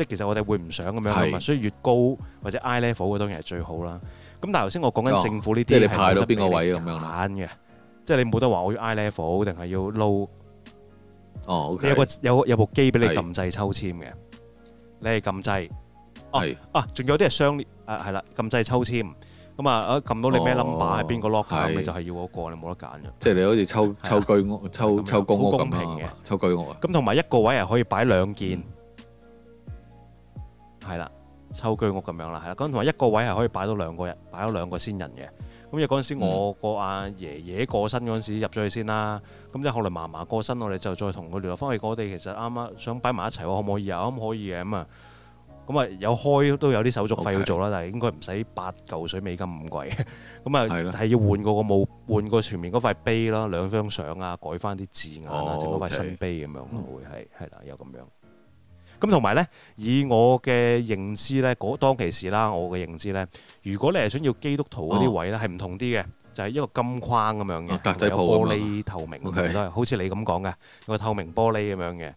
Speaker 1: 即係其實我哋會唔想咁樣啊嘛，所以越高或者 I level 嗰當然係最好啦。咁但係頭先我講緊政府呢啲，即係你派到邊個位咁樣揀嘅，即係你冇得話我要 I level 定係要 low。哦，有個有有部機俾你撳掣抽籤嘅，你係撳掣。係啊，仲有啲係雙誒係啦，撳掣抽籤咁啊，撳到你咩 number 係邊個 location，你就係要嗰個，你冇得揀嘅。
Speaker 2: 即係你好似抽抽居屋、抽抽公屋咁啊，好公平嘅，抽居屋。
Speaker 1: 咁同埋一個位係可以擺兩件。係啦，抽居屋咁樣啦，係啦，嗰陣同埋一個位係可以擺到兩個人，擺到兩個先人嘅。咁又嗰陣時我個阿爺爺過身嗰陣時入咗去先啦。咁、哦、即係後來嫲嫲過身，我哋就再同佢聯絡翻。我哋其實啱啱想擺埋一齊，可唔可以啊？可唔可以嘅咁啊。咁啊有開都有啲手續費要做啦，Okay. 但係應該唔使八嚿水美金咁貴。咁啊係要換過個冇換過前面嗰塊碑啦，兩張相啊，改翻啲字眼啊，整塊、哦 okay. 新碑咁樣會係係啦，有咁樣。咁同埋咧，以我嘅認知咧，嗰當其時啦，我嘅認知咧，如果你係想要基督徒嗰啲位咧，係唔同啲嘅，就係一個金框咁樣嘅，格仔有玻璃透明咁 okay 樣都好似你咁講嘅，有個透明玻璃咁樣嘅，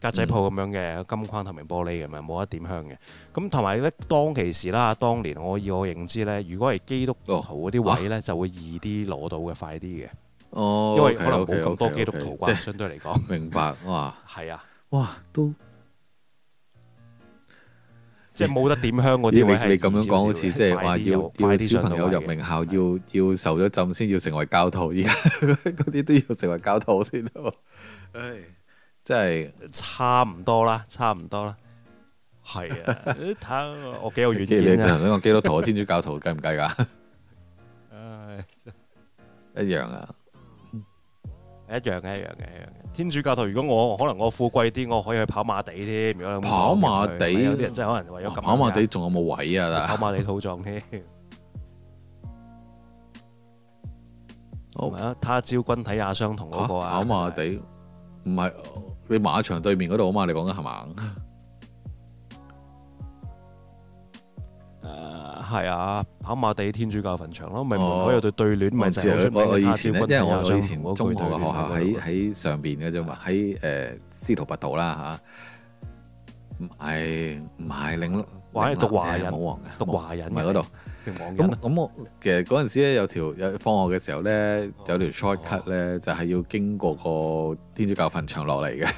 Speaker 1: 格仔鋪咁樣嘅、嗯、金框透明玻璃咁樣，咁啊冇一點香嘅。咁同埋咧，當其時啦，當年我以我認知咧，如果係基督徒嗰啲位咧，就會易啲攞到嘅，快啲嘅。哦，啊、因為可能冇咁多基督徒啩，哦、okay, okay, okay, okay. 相對嚟講。明白哇，係 啊。哇，都即係冇得點香嗰啲，你咁樣講，好似即係話要快啲小朋友入名
Speaker 2: 校，要要受咗浸先要成為教徒，而家嗰啲都要成為教徒先咯。唉，
Speaker 1: 真係差唔多啦，差唔多啦。係啊，睇下我幾有遠見啊！你講基督徒、天主教徒計唔計噶？一樣啊，一樣嘅，一樣嘅，一樣嘅。天主教徒，如果我可能我富貴啲，我可以去跑馬地添。跑馬地，有啲人真係可能話有跑馬地仲有冇位啊？跑馬地土葬添。唔係啊，他朝君體也相同嗰個啊。跑馬地
Speaker 2: 唔係你馬場對面嗰度啊嘛？你講緊係嘛？ uh.
Speaker 1: 係啊，跑馬地天主教墳場咯，咪、哦、門口有對對聯咪最出名。嗯、係係我、那個、以前，因為我因為我以前中學嘅學校喺
Speaker 2: 喺上邊嘅啫嘛，喺誒、呃、司徒拔道啦嚇，唔係唔係零。係讀華人好旺嘅，讀華人唔係嗰度。咁咁，我其實嗰陣時咧有條有放學嘅時候咧，有條 short cut 咧就係要經過個天主教墳場落嚟嘅。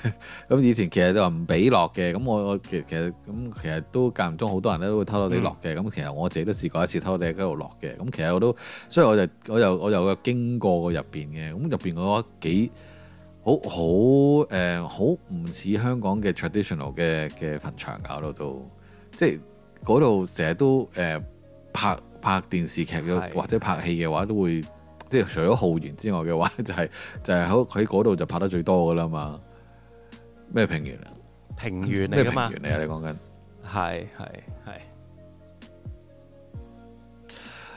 Speaker 2: 咁 以前其實就唔俾落嘅。咁我我其實咁其實都間唔中，好多人都會偷偷地落嘅。咁、嗯、其實我自己都試過一次偷偷地喺嗰度落嘅。咁其實我都所以我就我就我就，我就經過個入邊嘅。咁入邊我幾好好誒，好唔似、嗯、香港嘅 traditional 嘅嘅墳場搞到都，都。即係嗰度成日都誒、呃、拍拍電視劇嘅，或者拍戲嘅話，都會即係除咗浩元之外嘅話，就係、是、就係喺佢嗰度就拍得最多噶啦嘛。咩平原啊？平原嚟？平原嚟啊！平、你講緊係
Speaker 1: 係
Speaker 2: 係，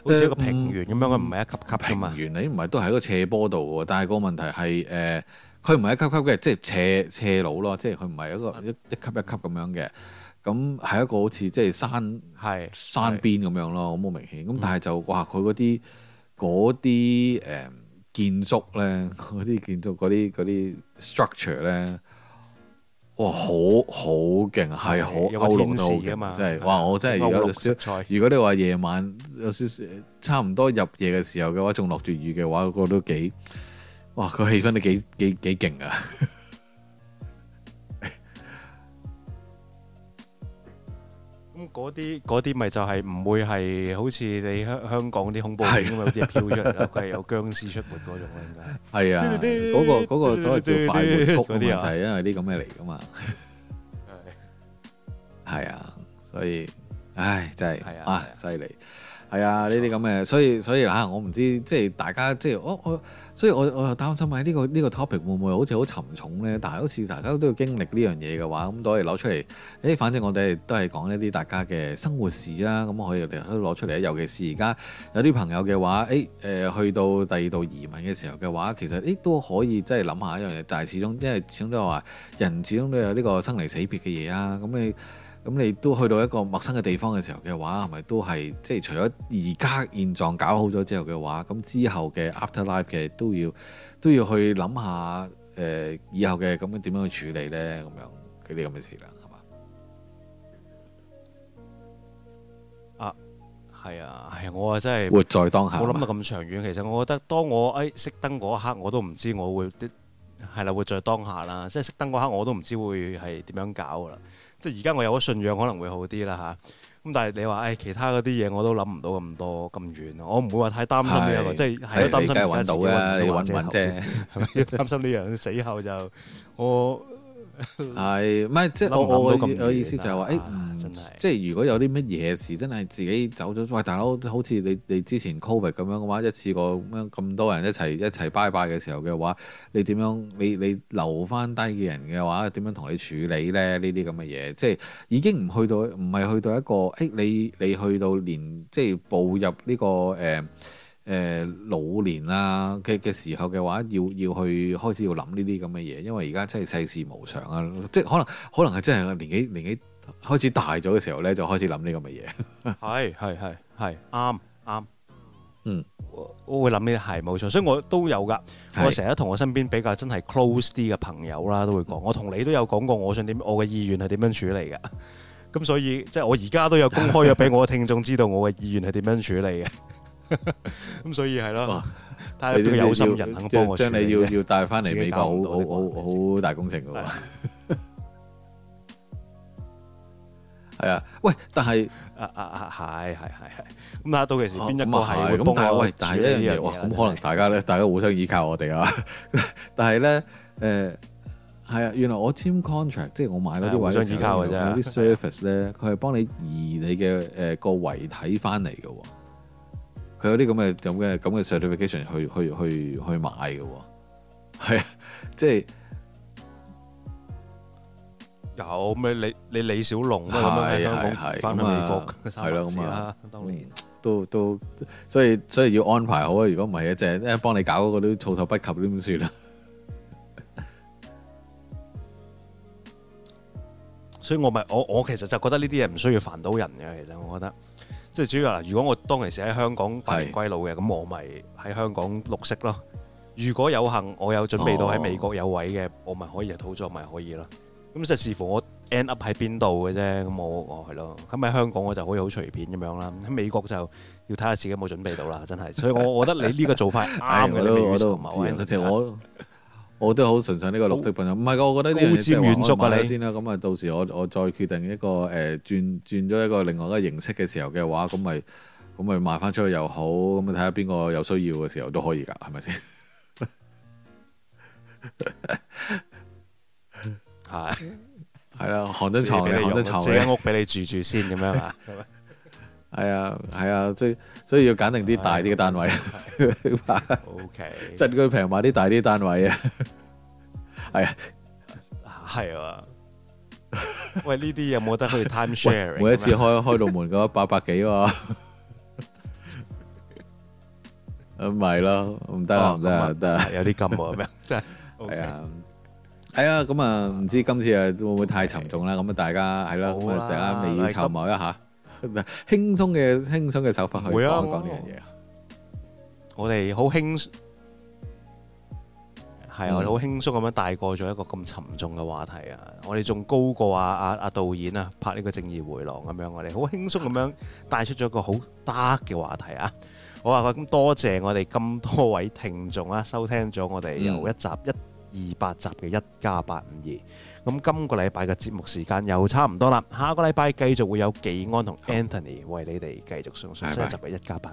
Speaker 2: 好似一個平原咁樣，佢唔係一級級平原，你唔係都係喺個斜坡度嘅，但係個問題係誒，佢唔係一級級嘅，即係斜斜路咯，即係佢唔係一個一一級一級咁樣嘅。咁係一個好似即係山是山邊咁樣咯，好冇明顯。咁的但係就哇，佢嗰啲啲誒建築咧，嗰啲建築嗰啲啲 structure 咧，哇，好好勁，係好、呃、 是歐陸都好勁，真係。哇！我真係如果如果你話夜晚有少少差唔多入夜嘅時候嘅話，仲落住雨嘅話，個都幾哇，個氣氛都幾幾幾勁
Speaker 1: 啊！ 嗰啲啲咪就係唔會係好似你香香港啲恐怖片咁樣啲飄出嚟咯，佢係 有僵屍出沒嗰種咯，應該係啊，嗰、 嗰個、嗰個所謂叫快活曲 啊就係因
Speaker 2: 為啲咁嘢嚟噶嘛，係 啊，所以，唉，真係啊，犀利、啊。係啊，呢啲咁嘅，所以所以嚇、啊，我唔知即係大家即係我、哦、我，所以我我又擔心啊，呢、呢個呢、呢個 topic 會唔會好似好沉重呢？但係好似大家都要經歷呢樣嘢嘅話，咁都可以攞出嚟。誒、哎，反正我哋都係講一啲大家嘅生活事啦、啊，咁可以都攞出嚟。尤其是而家有啲朋友嘅話，誒、哎、誒、呃、去到第二度移民嘅時候嘅話，其實誒、哎、都可以真係諗下一樣嘢。但、就、係、是、始終因為始終都話人始終都有呢個生離死別嘅嘢啊，咁你。咁你都去到一個陌生嘅地方嘅時候嘅話，係咪都係即係除咗而家現狀搞好咗之後嘅話，咁之後嘅 after life 嘅都要都要去諗下誒以後嘅咁樣點樣去處理呢？咁樣佢哋咁嘅事啦，係嘛？
Speaker 1: 啊，係啊，係、啊、我啊真係活在當下，我諗得咁長遠。啊、其實我覺得當我誒熄、哎、燈嗰刻，我都唔知我會啲係啦，活、啊、在當下啦。即係熄燈嗰刻，我都唔知會係點樣搞噶啦。即係而家我有咗信仰可能會好啲啦嚇，咁但係你話誒其他嗰啲嘢我都諗唔到咁多咁遠，我唔會話太擔心呢一個，是即係係都擔心揾唔到㗎，你揾唔揾啫，係咪要 擔心呢樣 死後
Speaker 2: 就我。係唔係，即係我想想我我意思就係話誒，即係如果有啲乜嘢事，真係自己走咗喂，大佬，好似你你之前 COVID 咁樣嘅話，一次過咁咁多人一齊一齊拜拜嘅時候嘅話，你點樣你你留翻低嘅人嘅話，點樣同你處理咧？呢啲咁嘅嘢，即係已經唔去到，唔係去到一個誒，你你去到連即係步入呢個誒。呃誒、呃，老年啊，嘅嘅時候嘅話，要要去開始要諗呢啲咁嘅嘢，因為而家真係世事無常啊，即係可能可能係真係年紀年紀開始大咗嘅時候咧，就開始諗呢咁嘅嘢。
Speaker 1: 係係係係啱啱，嗯我，我會諗呢啲係冇錯，所以我都有噶，我成日同我身邊比較真係 close 啲嘅朋友啦，都會講，我同你都有講過我，我想點，我嘅意願係點樣處理噶，咁所以即係，就是，我而家都有公開咗俾我嘅聽眾知道，我嘅意願係點樣處理嘅。 咁所以係咯，有心人肯幫我將你要要帶翻嚟美國，好好
Speaker 2: 好好大工程噶。係啊，喂，但係啊啊啊，係係係係，
Speaker 1: 咁睇下到時邊一個係會幫我。但係一樣嘢，哇，咁可能大家咧，
Speaker 2: 大家互相依靠我哋啊。但係咧，誒，係啊，原來我簽 contract，即係我買嗰啲位，互相依靠噶啫。啲 service 咧，佢係幫你移你嘅誒個遺體翻嚟噶。佢有啲咁嘅咁嘅咁嘅 certification 去去去去買嘅，係啊，即係
Speaker 1: 有咩李李李小龍咩？係係係，翻去美國當然，
Speaker 2: 都都所以所以要安排好啊！如果唔係嘅，就係幫你搞嗰個都措手不及，點算啊？
Speaker 1: 所以我咪我我其實就覺得呢啲嘢唔需要煩到人嘅，其實我覺得。即係主要嗱，如果我當其時喺香港百年歸老嘅，咁是我咪喺香港綠色咯。如果有幸我有準備到喺、哦、美國有位嘅，我咪可以係土葬咪可以咯。咁視乎我 end up 喺邊度嘅啫。咁我我係咯。咁、哦、喺香港我就可以好隨便咁樣啦。喺美國就要睇下自己有冇準備到啦。真係，所以我覺得你呢個做法係啱嘅。 哎、呦我都唔係，淨我。我都好純粹呢
Speaker 2: 個綠色朋友，唔係個，我覺得呢啲嘢我賣佢先啦。咁啊，到時我我再決定一個誒、呃、轉轉咗一個另外一個形式嘅時候嘅話，咁咪咁咪賣翻出去又好，咁啊睇下邊個有需要嘅時候都可以㗎，係咪先？係
Speaker 1: 係啦，行張牀俾你用，借間屋俾你住
Speaker 2: 住先，咁樣啊。 係啊，係啊，所以所以要揀定啲大啲嘅單位，OK，趁佢平買啲大啲單位啊，係啊，
Speaker 1: 係啊，喂，呢啲有冇得去 time sharing 每一次開
Speaker 2: 開到門八百幾？唔係咯，唔得，唔得，唔得，有啲金搏咩？係啊，係啊，咁啊，唔知今次啊會唔會太沉重啦？咁啊，大家係咯，大家未雨綢
Speaker 1: 繆一下。輕鬆嘅輕鬆嘅手法去講呢樣
Speaker 2: 嘢，
Speaker 1: 我哋好輕鬆，啊，我哋好輕鬆咁樣帶過咗一個咁沉重嘅話題啊！我哋仲高過啊，啊，阿導演啊，拍呢個正義迴廊咁樣，我哋好輕鬆咁樣帶出咗一個好得嘅話題啊！好啊，咁多謝我哋咁多位聽眾啊，收聽咗我哋又一集一二八集嘅一家八五二。咁今個禮拜嘅節目時間又差唔多啦，下個禮拜繼續會有紀安同 Anthony 為你哋繼續送上新一集嘅一家852，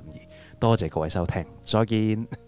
Speaker 1: 多謝各位收聽，再見。